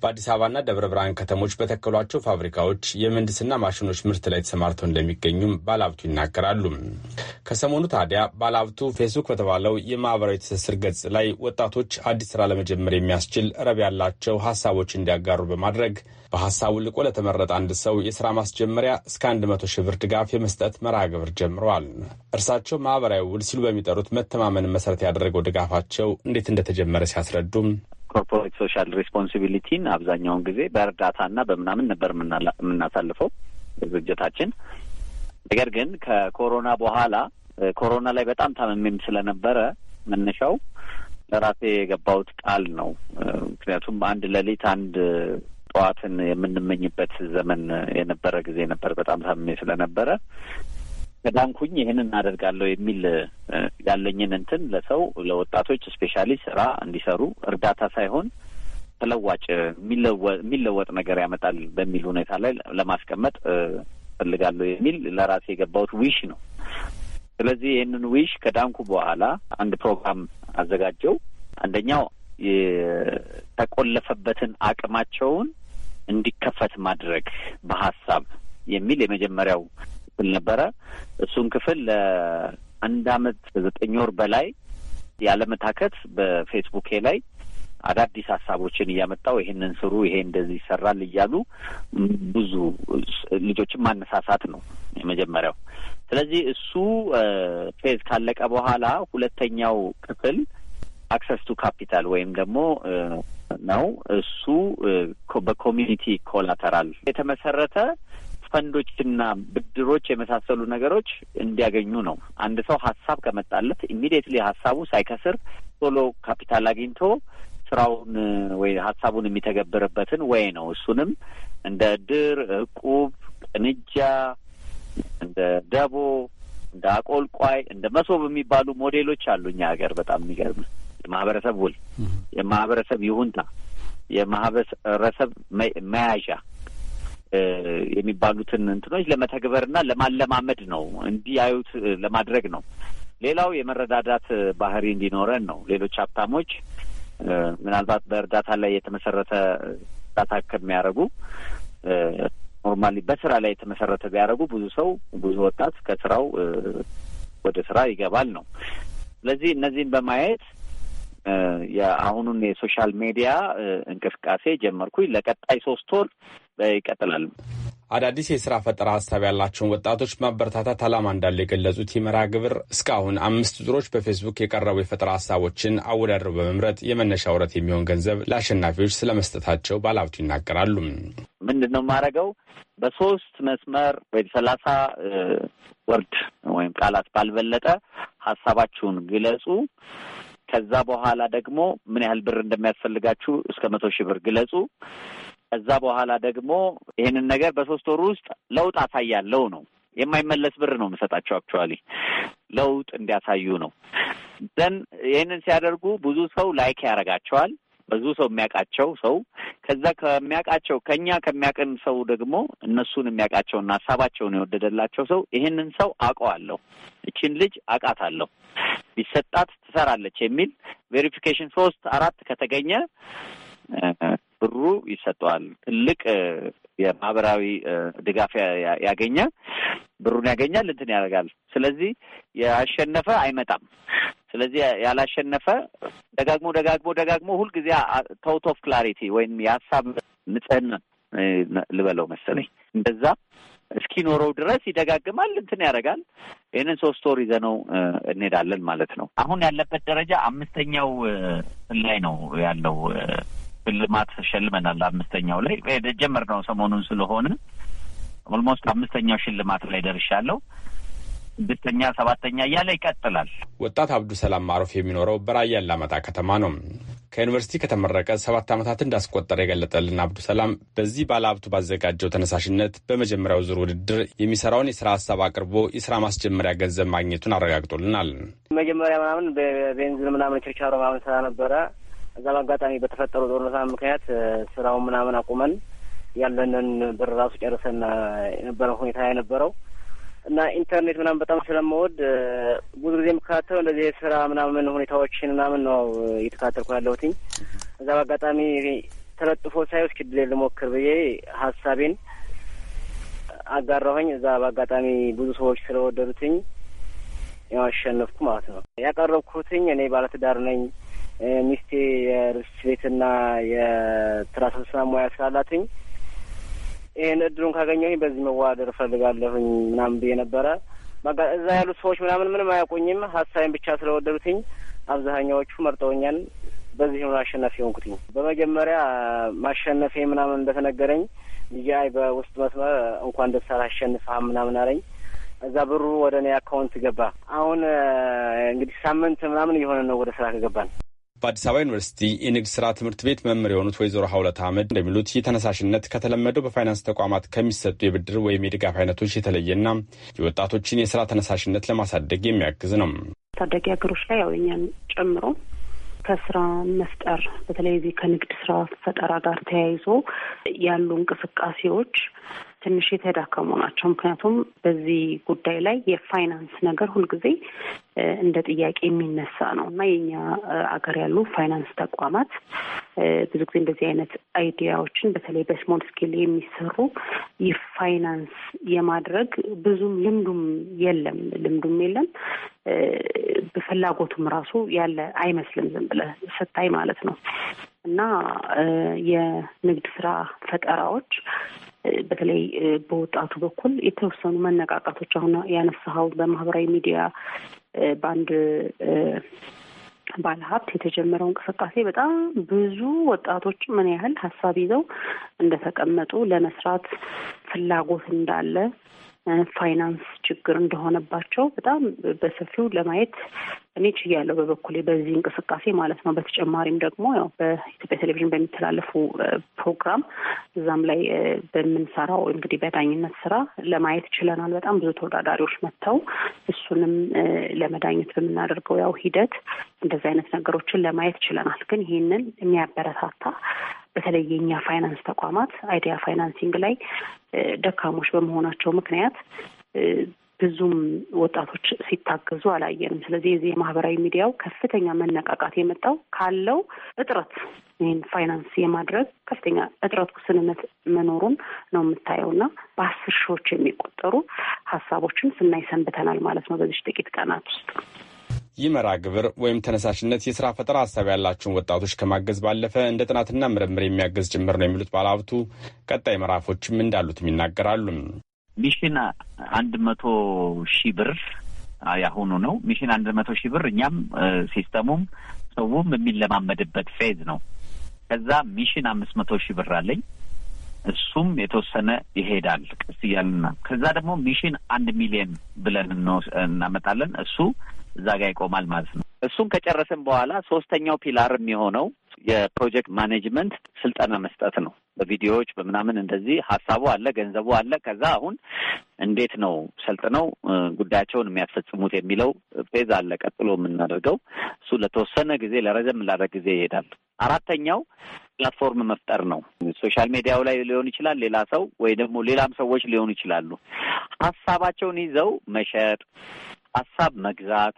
Speaker 10: በአዲስ አበባና ደብረ ብርሃን ከተሞች በተከሏቸው ፋብሪካዎች የምህንድስና ማሽኖች ምርት ላይ ተሰማርተው እንደሚገኙም ባለሀብቱ ይናገራሉ። ከሰሞኑ ታዲያ ባለሀብቱ ፌስቡክ በተባለው የማህበራዊ ትስስር ገጽ ላይ ወጣቶች አዲስ ስራ ለመጀመር የሚያስችል ረብ ያላቸው ሀሳቦች እንዲያጋሩ በማድረግ በሀሳቡ ልቆ ለተመረጠ አንድ ሰው የስራ ማስጀመሪያ እስከ አንድ መቶ ሺህ ብር ድጋፍ የመስጠት መርሃ ግብር ጀምረዋል። እርሳቸው ማህበራዊ ውል ሲሉ በሚጠሩት መተማመንን መሰረት ያደረገው ድጋፋቸው እንዴት እንደተጀመረ ሲያስረዱም ኮርፖሬት ሶሻል ሪስፖንሲቢሊቲን አብዛኛውን ጊዜ በእርዳታና በምናምን ነበር
Speaker 11: የምናሳልፈው ዝግጅታችን። ነገር ግን ከኮሮና በኋላ ኮሮና ላይ በጣም ታመሜም ስለነበረ መነሻው ለራሴ የገባሁት ቃል ነው። ምክንያቱም አንድ ሌሊት አንድ ጠዋትን የምንመኝበት ዘመን የነበረ ጊዜ ነበር። በጣም ታመሜ ስለነበረ ከዳንኩኝ ይህን እናደርጋለሁ የሚል ያለኝን እንትን ለሰው ለወጣቶች ስፔሻሊ ስራ እንዲሰሩ እርዳታ ሳይሆን ተለዋጭ የሚለወጥ ነገር ያመጣል በሚል ሁኔታ ላይ ለማስቀመጥ ፈልጋለሁ የሚል ለራሴ የገባሁት ዊሽ ነው። ስለዚህ ይህንን ዊሽ ከዳንኩ በኋላ አንድ ፕሮግራም አዘጋጀው። አንደኛው የተቆለፈበትን አቅማቸውን እንዲከፈት ማድረግ በሀሳብ የሚል የመጀመሪያው ክፍል ነበረ። እሱን ክፍል ለአንድ አመት ዘጠኝ ወር በላይ ያለመታከት በፌስቡኬ ላይ አዳዲስ ሀሳቦችን እያመጣው ይሄንን ስሩ፣ ይሄ እንደዚህ ይሰራል እያሉ ብዙ ልጆችን ማነሳሳት ነው የመጀመሪያው። ስለዚህ እሱ ፌዝ ካለቀ በኋላ ሁለተኛው ክፍል አክሰስ ቱ ካፒታል ወይም ደግሞ ነው እሱ በኮሚኒቲ ኮላተራል የተመሰረተ ፈንዶችና ብድሮች የመሳሰሉ ነገሮች እንዲያገኙ ነው። አንድ ሰው ሀሳብ ከመጣለት ኢሚዲየትሊ ሀሳቡ ሳይከስር ቶሎ ካፒታል አግኝቶ ስራውን ወይ ሀሳቡን የሚተገብርበትን ወይ ነው። እሱንም እንደ እድር፣ እቁብ፣ ቅንጃ፣ እንደ ደቦ፣ እንደ አቆልቋይ፣ እንደ መሶብ የሚባሉ ሞዴሎች አሉ እኛ ሀገር። በጣም የሚገርም የማህበረሰብ ውል፣ የማህበረሰብ ይሁንታ፣ የማህበረሰብ መያዣ የሚባሉትን እንትኖች ለመተግበርና ለማለማመድ ነው፣ እንዲያዩት ለማድረግ ነው። ሌላው የመረዳዳት ባህሪ እንዲኖረን ነው። ሌሎች ሀብታሞች ምናልባት በእርዳታ ላይ የተመሰረተ እርዳታ ከሚያደርጉ ኖርማሊ በስራ ላይ የተመሰረተ ቢያደርጉ ብዙ ሰው ብዙ ወጣት ከስራው ወደ ስራ ይገባል ነው። ስለዚህ እነዚህን በማየት የአሁኑን
Speaker 10: የሶሻል ሜዲያ እንቅስቃሴ ጀመርኩኝ። ለቀጣይ ሶስት ወር ይቀጥላል። አዳዲስ የስራ ፈጠራ ሀሳብ ያላቸውን ወጣቶች ማበረታታት አላማ እንዳለው የገለጹት የመርሃ ግብር እስካሁን አምስት ዙሮች በፌስቡክ የቀረቡ የፈጠራ ሀሳቦችን አወዳድረው በመምረጥ የመነሻ ውረት የሚሆን ገንዘብ ለአሸናፊዎች ስለመስጠታቸው ባለሀብቱ ይናገራሉ። ምንድን ነው የማደርገው? በሶስት መስመር ወይ ሰላሳ ወርድ ወይም ቃላት
Speaker 11: ባልበለጠ ሀሳባችሁን ግለጹ ከዛ በኋላ ደግሞ ምን ያህል ብር እንደሚያስፈልጋችሁ እስከ መቶ ሺህ ብር ግለጹ። ከዛ በኋላ ደግሞ ይህንን ነገር በሶስት ወሩ ውስጥ ለውጥ አሳያለው ነው የማይመለስ ብር ነው የምሰጣቸው። አክቹዋሊ ለውጥ እንዲያሳዩ ነው። ዘን ይህንን ሲያደርጉ ብዙ ሰው ላይክ ያደርጋቸዋል። ብዙ ሰው የሚያውቃቸው ሰው ከዛ ከሚያውቃቸው ከኛ ከሚያቀን ሰው ደግሞ እነሱን የሚያውቃቸውና ሀሳባቸውን የወደደላቸው ሰው ይህንን ሰው አውቀዋለሁ፣ እችን ልጅ አውቃታለሁ፣ ቢሰጣት ትሰራለች የሚል ቬሪፊኬሽን ሶስት አራት ከተገኘ ብሩ ይሰጠዋል። ትልቅ የማህበራዊ ድጋፍ ያገኘ ብሩን ያገኛል፣ እንትን ያደርጋል። ስለዚህ ያሸነፈ አይመጣም። ስለዚህ ያላሸነፈ ደጋግሞ ደጋግሞ ደጋግሞ ሁልጊዜ ተውት ኦፍ ክላሪቲ ወይም የሀሳብ ንጽህና ልበለው መሰለኝ እንደዛ እስኪኖረው ድረስ ይደጋግማል፣ እንትን ያደርጋል። ይህንን ሶስት ወር ይዘነው እንሄዳለን ማለት ነው። አሁን ያለበት ደረጃ አምስተኛው ላይ ነው ያለው። ሽልማት ሸልመናል። አምስተኛው ላይ ጀመርነው ሰሞኑን ስለሆነ
Speaker 10: ኦልሞስት አምስተኛው ሽልማት ላይ ደርሻለሁ። ስድስተኛ፣ ሰባተኛ እያለ ይቀጥላል። ወጣት አብዱ ሰላም ማሮፍ የሚኖረው በራያ አላማጣ ከተማ ነው። ከዩኒቨርሲቲ ከተመረቀ ሰባት ዓመታት እንዳስቆጠረ የገለጠልን አብዱ ሰላም በዚህ ባለሀብቱ ባዘጋጀው ተነሳሽነት በመጀመሪያው ዙር ውድድር የሚሰራውን የስራ ሀሳብ አቅርቦ የስራ ማስጀመሪያ ገንዘብ ማግኘቱን አረጋግጦልናል።
Speaker 5: መጀመሪያ ምናምን በቤንዚን ምናምን ችርቻሮ ምናምን ስራ ነበረ። እዛ በአጋጣሚ በተፈጠሩ ጦርነት ምክንያት ስራውን ምናምን አቁመን ያለንን ብር ራሱ ጨርሰን የነበረ ሁኔታ የነበረው እና ኢንተርኔት ምናምን በጣም ስለምወድ ብዙ ጊዜ የምከታተለው እንደዚህ የስራ ምናምን ሁኔታዎችን ምናምን ነው እየተከታተልኩ ያለሁትኝ። እዛ በአጋጣሚ ተለጥፎ ሳይ እስኪ ድሌ ልሞክር ብዬ ሀሳቤን አጋራሁኝ። እዛ በአጋጣሚ ብዙ ሰዎች ስለወደዱትኝ ያው አሸነፍኩ ማለት ነው። ያቀረብኩትኝ እኔ ባለትዳር ነኝ፣ ሚስቴ የርስ ቤትና የትራስ ሙያ ስላላትኝ ይህን እድሉን ካገኘሁኝ በዚህ መዋደር እፈልጋለሁኝ ምናምን ብዬ ነበረ። እዛ ያሉት ሰዎች ምናምን ምንም አያውቁኝም። ሀሳይን ብቻ ስለወደዱትኝ አብዛኛዎቹ መርጠውኛል። በዚህ ሆኖ አሸናፊ የሆንኩትኝ። በመጀመሪያ ማሸነፌ ምናምን እንደተነገረኝ ዲጂአይ በውስጥ መስመር እንኳን ደሳር አለህ ምናምን አለኝ። እዛ ብሩ ወደ እኔ አካውንት ገባ። አሁን እንግዲህ ሳምንት ምናምን እየሆነ ነው ወደ ስራ ከገባን
Speaker 10: በአዲስ አበባ ዩኒቨርሲቲ የንግድ ስራ ትምህርት ቤት መምህር የሆኑት ወይዘሮ ሀውለት አህመድ እንደሚሉት ይህ ተነሳሽነት ከተለመደው በፋይናንስ ተቋማት ከሚሰጡ የብድር ወይም የድጋፍ አይነቶች የተለየና የወጣቶችን የስራ ተነሳሽነት ለማሳደግ የሚያግዝ ነው።
Speaker 12: ታዳጊ ሀገሮች ላይ ያው ጨምሮ ከስራ መፍጠር በተለይ ከንግድ ስራ ፈጠራ ጋር ተያይዞ ያሉ እንቅስቃሴዎች ትንሽ የተዳከሙ ናቸው። ምክንያቱም በዚህ ጉዳይ ላይ የፋይናንስ ነገር ሁልጊዜ እንደ ጥያቄ የሚነሳ ነው እና የኛ አገር ያሉ ፋይናንስ ተቋማት ብዙ ጊዜ እንደዚህ አይነት አይዲያዎችን በተለይ በስሞል ስኬል የሚሰሩ የፋይናንስ የማድረግ ብዙም ልምዱም የለም ልምዱም የለም በፍላጎቱም ራሱ ያለ አይመስልም ዝም ብለህ ስታይ ማለት ነው እና የንግድ ስራ ፈጠራዎች በተለይ በወጣቱ በኩል የተወሰኑ መነቃቃቶች አሁን ያነሳኸው በማህበራዊ ሚዲያ በአንድ ባለሀብት የተጀመረው እንቅስቃሴ በጣም ብዙ ወጣቶች ምን ያህል ሀሳብ ይዘው እንደተቀመጡ ለመስራት ፍላጎት እንዳለ ፋይናንስ ችግር እንደሆነባቸው በጣም በሰፊው ለማየት እኔ ችያለሁ በበኩሌ በዚህ እንቅስቃሴ ማለት ነው። በተጨማሪም ደግሞ ያው በኢትዮጵያ ቴሌቪዥን በሚተላለፉ ፕሮግራም እዛም ላይ በምንሰራው እንግዲህ በዳኝነት ስራ ለማየት ችለናል። በጣም ብዙ ተወዳዳሪዎች መጥተው እሱንም ለመዳኘት በምናደርገው ያው ሂደት እንደዚህ አይነት ነገሮችን ለማየት ችለናል። ግን ይህንን የሚያበረታታ በተለይ የኛ ፋይናንስ ተቋማት አይዲያ ፋይናንሲንግ ላይ ደካሞች በመሆናቸው ምክንያት ብዙም ወጣቶች ሲታገዙ አላየንም። ስለዚህ የዚህ የማህበራዊ ሚዲያው ከፍተኛ መነቃቃት የመጣው ካለው እጥረት ይህን ፋይናንስ የማድረግ ከፍተኛ እጥረት ውስንነት መኖሩን ነው የምታየው እና በአስር ሺዎች የሚቆጠሩ ሀሳቦችን ስናይ ሰንብተናል ማለት ነው በዚህ ጥቂት ቀናት ውስጥ
Speaker 10: ይህ መርሃ ግብር ወይም ተነሳሽነት የስራ ፈጠራ ሀሳብ ያላቸውን ወጣቶች ከማገዝ ባለፈ እንደ ጥናትና ምርምር የሚያገዝ ጭምር ነው የሚሉት ባለሀብቱ ቀጣይ ምዕራፎችም እንዳሉትም ይናገራሉ።
Speaker 11: ሚሽን አንድ መቶ ሺህ ብር ያሁኑ ነው። ሚሽን አንድ መቶ ሺህ ብር እኛም ሲስተሙም ሰውም የሚለማመድበት ፌዝ ነው። ከዛ ሚሽን አምስት መቶ ሺህ ብር አለኝ። እሱም የተወሰነ ይሄዳል ቀስ እያልና ከዛ ደግሞ ሚሽን አንድ ሚሊየን ብለን እናመጣለን። እሱ እዛ ጋር ይቆማል ማለት ነው። እሱን ከጨረስን በኋላ ሶስተኛው ፒላር የሚሆነው የፕሮጀክት ማኔጅመንት ስልጠና መስጠት ነው። በቪዲዮዎች በምናምን እንደዚህ ሀሳቡ አለ፣ ገንዘቡ አለ። ከዛ አሁን እንዴት ነው ሰልጥነው ጉዳያቸውን የሚያስፈጽሙት የሚለው ፌዝ አለ። ቀጥሎ የምናደርገው እሱ ለተወሰነ ጊዜ ለረዘም ላለ ጊዜ ይሄዳል። አራተኛው ፕላትፎርም መፍጠር ነው። ሶሻል ሚዲያው ላይ ሊሆን ይችላል፣ ሌላ ሰው ወይ ደግሞ ሌላም ሰዎች ሊሆኑ ይችላሉ። ሀሳባቸውን ይዘው መሸጥ ሀሳብ መግዛት፣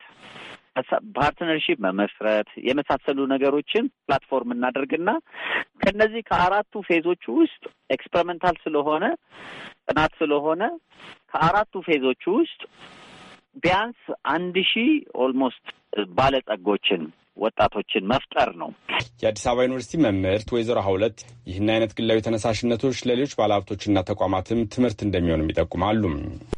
Speaker 11: ፓርትነርሺፕ መመስረት የመሳሰሉ ነገሮችን ፕላትፎርም እናደርግና ከነዚህ ከአራቱ ፌዞች ውስጥ ኤክስፐሪመንታል ስለሆነ ጥናት ስለሆነ ከአራቱ ፌዞች ውስጥ ቢያንስ
Speaker 10: አንድ ሺህ ኦልሞስት ባለጸጎችን ወጣቶችን መፍጠር ነው። የአዲስ አበባ ዩኒቨርሲቲ መምህርት ወይዘሮ ሀውለት ይህን አይነት ግላዊ ተነሳሽነቶች ለሌሎች ባለሀብቶችና ተቋማትም ትምህርት እንደሚሆንም ይጠቁማሉ።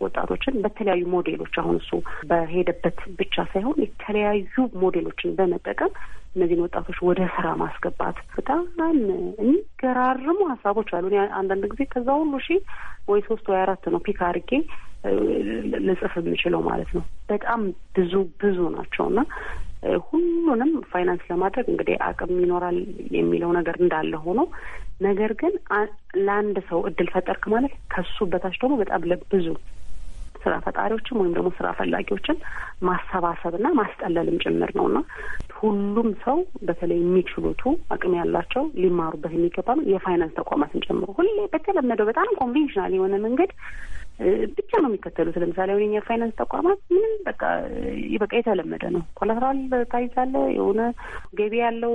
Speaker 12: ወጣቶችን በተለያዩ ሞዴሎች አሁን እሱ በሄደበት ብቻ ሳይሆን የተለያዩ ሞዴሎችን በመጠቀም እነዚህን ወጣቶች ወደ ስራ ማስገባት በጣም የሚገራርሙ ሀሳቦች አሉ። አንዳንድ ጊዜ ከዛ ሁሉ ሺ ወይ ሶስት ወይ አራት ነው ፒክ አድርጌ ልጽፍ የምችለው ማለት ነው። በጣም ብዙ ብዙ ናቸው እና ሁሉንም ፋይናንስ ለማድረግ እንግዲህ አቅም ይኖራል የሚለው ነገር እንዳለ ሆኖ ነገር ግን ለአንድ ሰው እድል ፈጠርክ ማለት ከሱ በታች ደግሞ በጣም ለብዙ ስራ ፈጣሪዎችም ወይም ደግሞ ስራ ፈላጊዎችን ማሰባሰብና ማስጠለልም ጭምር ነውና ሁሉም ሰው በተለይ የሚችሉቱ አቅም ያላቸው ሊማሩበት የሚገባ ነው። የፋይናንስ ተቋማትን ጨምሮ ሁሌ በተለመደው በጣም ኮንቬንሽናል የሆነ መንገድ ብቻ ነው የሚከተሉት። ለምሳሌ አሁን የኛ ፋይናንስ ተቋማት ምንም በቃ በቃ የተለመደ ነው። ኮላተራል ታይዛለ፣ የሆነ ገቢ ያለው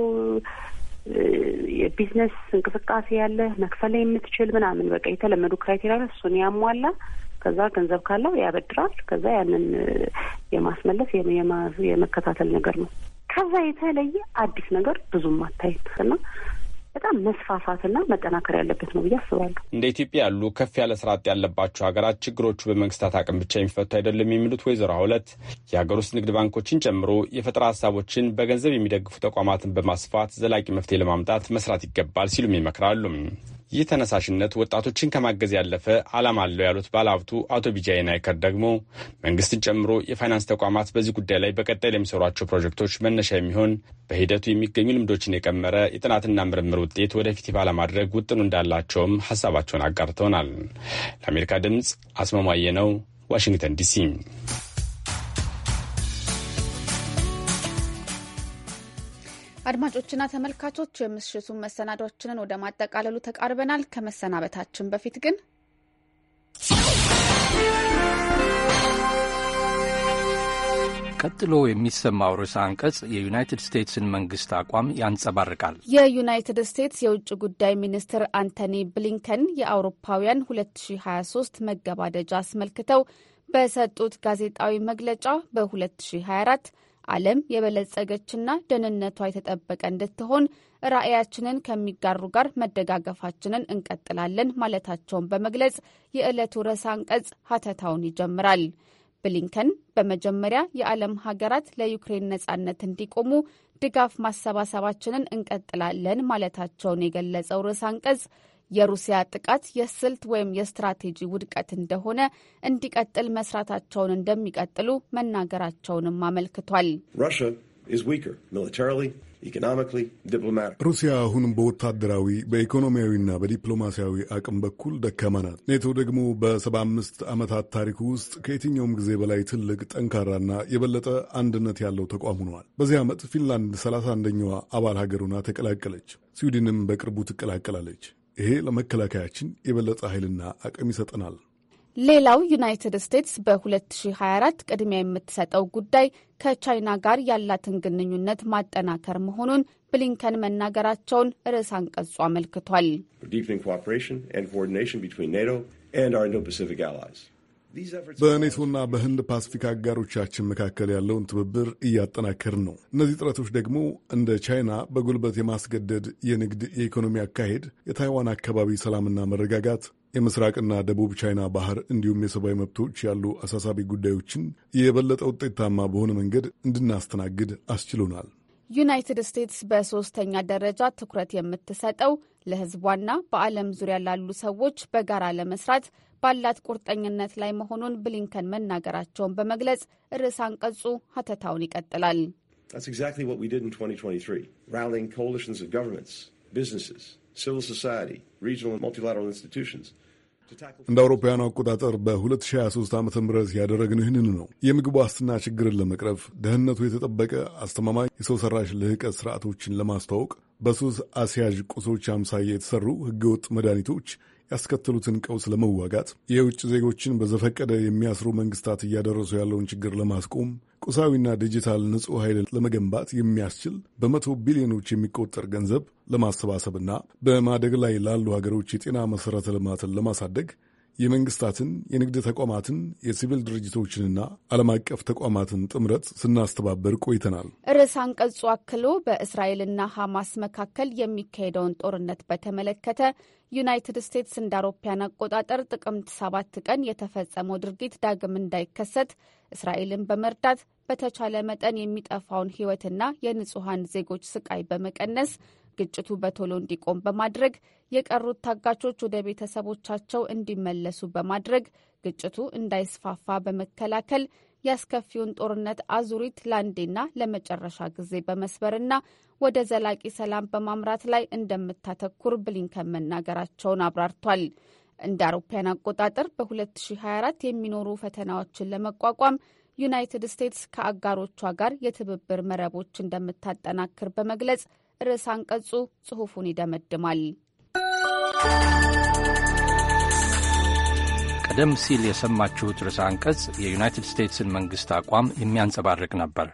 Speaker 12: የቢዝነስ እንቅስቃሴ ያለ መክፈል የምትችል ምናምን በቃ የተለመዱ ክራይቴሪያ እሱን ያሟላ ከዛ ገንዘብ ካለው ያበድራል። ከዛ ያንን የማስመለስ የመከታተል ነገር ነው። ከዛ የተለየ አዲስ ነገር ብዙም አታይም እና በጣም መስፋፋትና መጠናከር ያለበት ነው ብዬ አስባለሁ።
Speaker 10: እንደ ኢትዮጵያ ያሉ ከፍ ያለ ስርዓት ያለባቸው ሀገራት ችግሮቹ በመንግስታት አቅም ብቻ የሚፈቱ አይደለም የሚሉት ወይዘሮ ሁለት የሀገር ውስጥ ንግድ ባንኮችን ጨምሮ የፈጠራ ሀሳቦችን በገንዘብ የሚደግፉ ተቋማትን በማስፋት ዘላቂ መፍትሄ ለማምጣት መስራት ይገባል ሲሉም ይመክራሉ። ይህ ተነሳሽነት ወጣቶችን ከማገዝ ያለፈ ዓላማ አለው ያሉት ባለሀብቱ አቶ ቢጃይ ናይከር ደግሞ መንግስትን ጨምሮ የፋይናንስ ተቋማት በዚህ ጉዳይ ላይ በቀጣይ ለሚሰሯቸው ፕሮጀክቶች መነሻ የሚሆን በሂደቱ የሚገኙ ልምዶችን የቀመረ የጥናትና ምርምር ውጤት ወደፊት ይፋ ለማድረግ ውጥኑ እንዳላቸውም ሀሳባቸውን አጋርተውናል። ለአሜሪካ ድምፅ አስማማየ ነው፣ ዋሽንግተን ዲሲ።
Speaker 1: አድማጮችና ተመልካቾች የምሽቱን መሰናዷችንን ወደ ማጠቃለሉ ተቃርበናል። ከመሰናበታችን በፊት ግን
Speaker 10: ቀጥሎ የሚሰማው ርዕሰ አንቀጽ የዩናይትድ ስቴትስን መንግስት አቋም ያንጸባርቃል።
Speaker 1: የዩናይትድ ስቴትስ የውጭ ጉዳይ ሚኒስትር አንቶኒ ብሊንከን የአውሮፓውያን 2023 መገባደጃ አስመልክተው በሰጡት ጋዜጣዊ መግለጫ በ2024 ዓለም የበለጸገችና ደህንነቷ የተጠበቀ እንድትሆን ራዕያችንን ከሚጋሩ ጋር መደጋገፋችንን እንቀጥላለን ማለታቸውን በመግለጽ የዕለቱ ርዕሰ አንቀጽ ሀተታውን ይጀምራል። ብሊንከን በመጀመሪያ የዓለም ሀገራት ለዩክሬን ነጻነት እንዲቆሙ ድጋፍ ማሰባሰባችንን እንቀጥላለን ማለታቸውን የገለጸው ርዕሰ አንቀጽ የሩሲያ ጥቃት የስልት ወይም የስትራቴጂ ውድቀት እንደሆነ እንዲቀጥል መስራታቸውን እንደሚቀጥሉ መናገራቸውንም አመልክቷል።
Speaker 9: ሩሲያ አሁን በወታደራዊ በኢኮኖሚያዊና በዲፕሎማሲያዊ አቅም በኩል ደካማ ናት። ኔቶ ደግሞ በሰባ አምስት ዓመታት ታሪክ ውስጥ ከየትኛውም ጊዜ በላይ ትልቅ ጠንካራና የበለጠ አንድነት ያለው ተቋም ሆኗል። በዚህ ዓመት ፊንላንድ ሰላሳ አንደኛዋ አባል ሀገር ሆና ተቀላቀለች። ስዊድንም በቅርቡ ትቀላቀላለች። ይሄ ለመከላከያችን የበለጠ ኃይልና አቅም ይሰጠናል።
Speaker 1: ሌላው ዩናይትድ ስቴትስ በ2024 ቅድሚያ የምትሰጠው ጉዳይ ከቻይና ጋር ያላትን ግንኙነት ማጠናከር መሆኑን ብሊንከን መናገራቸውን ርዕስ አንቀጹ አመልክቷል።
Speaker 9: በኔቶና በህንድ ፓስፊክ አጋሮቻችን መካከል ያለውን ትብብር እያጠናከርን ነው። እነዚህ ጥረቶች ደግሞ እንደ ቻይና በጉልበት የማስገደድ የንግድ የኢኮኖሚ አካሄድ፣ የታይዋን አካባቢ ሰላምና መረጋጋት የምስራቅና ደቡብ ቻይና ባህር እንዲሁም የሰብአዊ መብቶች ያሉ አሳሳቢ ጉዳዮችን የበለጠ ውጤታማ በሆነ መንገድ እንድናስተናግድ አስችሎናል።
Speaker 1: ዩናይትድ ስቴትስ በሶስተኛ ደረጃ ትኩረት የምትሰጠው ለህዝቧና በአለም ዙሪያ ላሉ ሰዎች በጋራ ለመስራት ባላት ቁርጠኝነት ላይ መሆኑን ብሊንከን መናገራቸውን በመግለጽ ርዕስ አንቀጹ ሀተታውን ይቀጥላል።
Speaker 7: That's
Speaker 9: እንደ አውሮፓውያኑ አቆጣጠር በ2023 ዓ ም ያደረግን ይህንን ነው። የምግብ ዋስትና ችግርን ለመቅረፍ ደህንነቱ የተጠበቀ አስተማማኝ የሰው ሰራሽ ልህቀት ስርዓቶችን ለማስተዋወቅ በሱስ አስያዥ ቁሶች አምሳያ የተሰሩ ህገወጥ መድኃኒቶች ያስከተሉትን ቀውስ ለመዋጋት የውጭ ዜጎችን በዘፈቀደ የሚያስሩ መንግስታት እያደረሱ ያለውን ችግር ለማስቆም ቁሳዊና ዲጂታል ንጹህ ኃይል ለመገንባት የሚያስችል በመቶ ቢሊዮኖች የሚቆጠር ገንዘብ ለማሰባሰብና በማደግ ላይ ላሉ ሀገሮች የጤና መሠረተ ልማትን ለማሳደግ የመንግስታትን፣ የንግድ ተቋማትን፣ የሲቪል ድርጅቶችንና ዓለም አቀፍ ተቋማትን ጥምረት ስናስተባበር ቆይተናል።
Speaker 1: ርዕስ አንቀጹ አክሎ በእስራኤልና ሐማስ መካከል የሚካሄደውን ጦርነት በተመለከተ ዩናይትድ ስቴትስ እንደ አውሮፓያን አቆጣጠር ጥቅምት ሰባት ቀን የተፈጸመው ድርጊት ዳግም እንዳይከሰት እስራኤልን በመርዳት በተቻለ መጠን የሚጠፋውን ሕይወትና የንጹሐን ዜጎች ስቃይ በመቀነስ ግጭቱ በቶሎ እንዲቆም በማድረግ የቀሩት ታጋቾች ወደ ቤተሰቦቻቸው እንዲመለሱ በማድረግ ግጭቱ እንዳይስፋፋ በመከላከል የአስከፊውን ጦርነት አዙሪት ለአንዴና ለመጨረሻ ጊዜ በመስበርና ወደ ዘላቂ ሰላም በማምራት ላይ እንደምታተኩር ብሊንከን መናገራቸውን አብራርቷል። እንደ አውሮፓውያን አቆጣጠር በ2024 የሚኖሩ ፈተናዎችን ለመቋቋም ዩናይትድ ስቴትስ ከአጋሮቿ ጋር የትብብር መረቦች እንደምታጠናክር በመግለጽ ርዕስ አንቀጹ ጽሑፉን ይደመድማል።
Speaker 10: ቀደም ሲል የሰማችሁት ርዕሰ አንቀጽ የዩናይትድ ስቴትስን መንግሥት አቋም የሚያንጸባርቅ ነበር።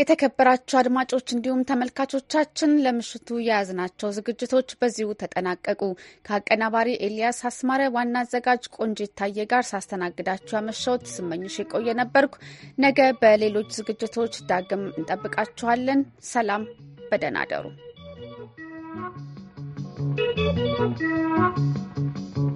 Speaker 1: የተከበራችሁ አድማጮች እንዲሁም ተመልካቾቻችን ለምሽቱ የያዝናቸው ዝግጅቶች በዚሁ ተጠናቀቁ። ከአቀናባሪ ኤልያስ አስማረ፣ ዋና አዘጋጅ ቆንጂት ታየ ጋር ሳስተናግዳችሁ ያመሸሁት ስመኝሽ የቆየ ነበርኩ። ነገ በሌሎች ዝግጅቶች ዳግም እንጠብቃችኋለን። ሰላም፣ በደህና አደሩ።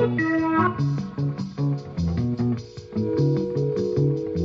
Speaker 11: Thank you.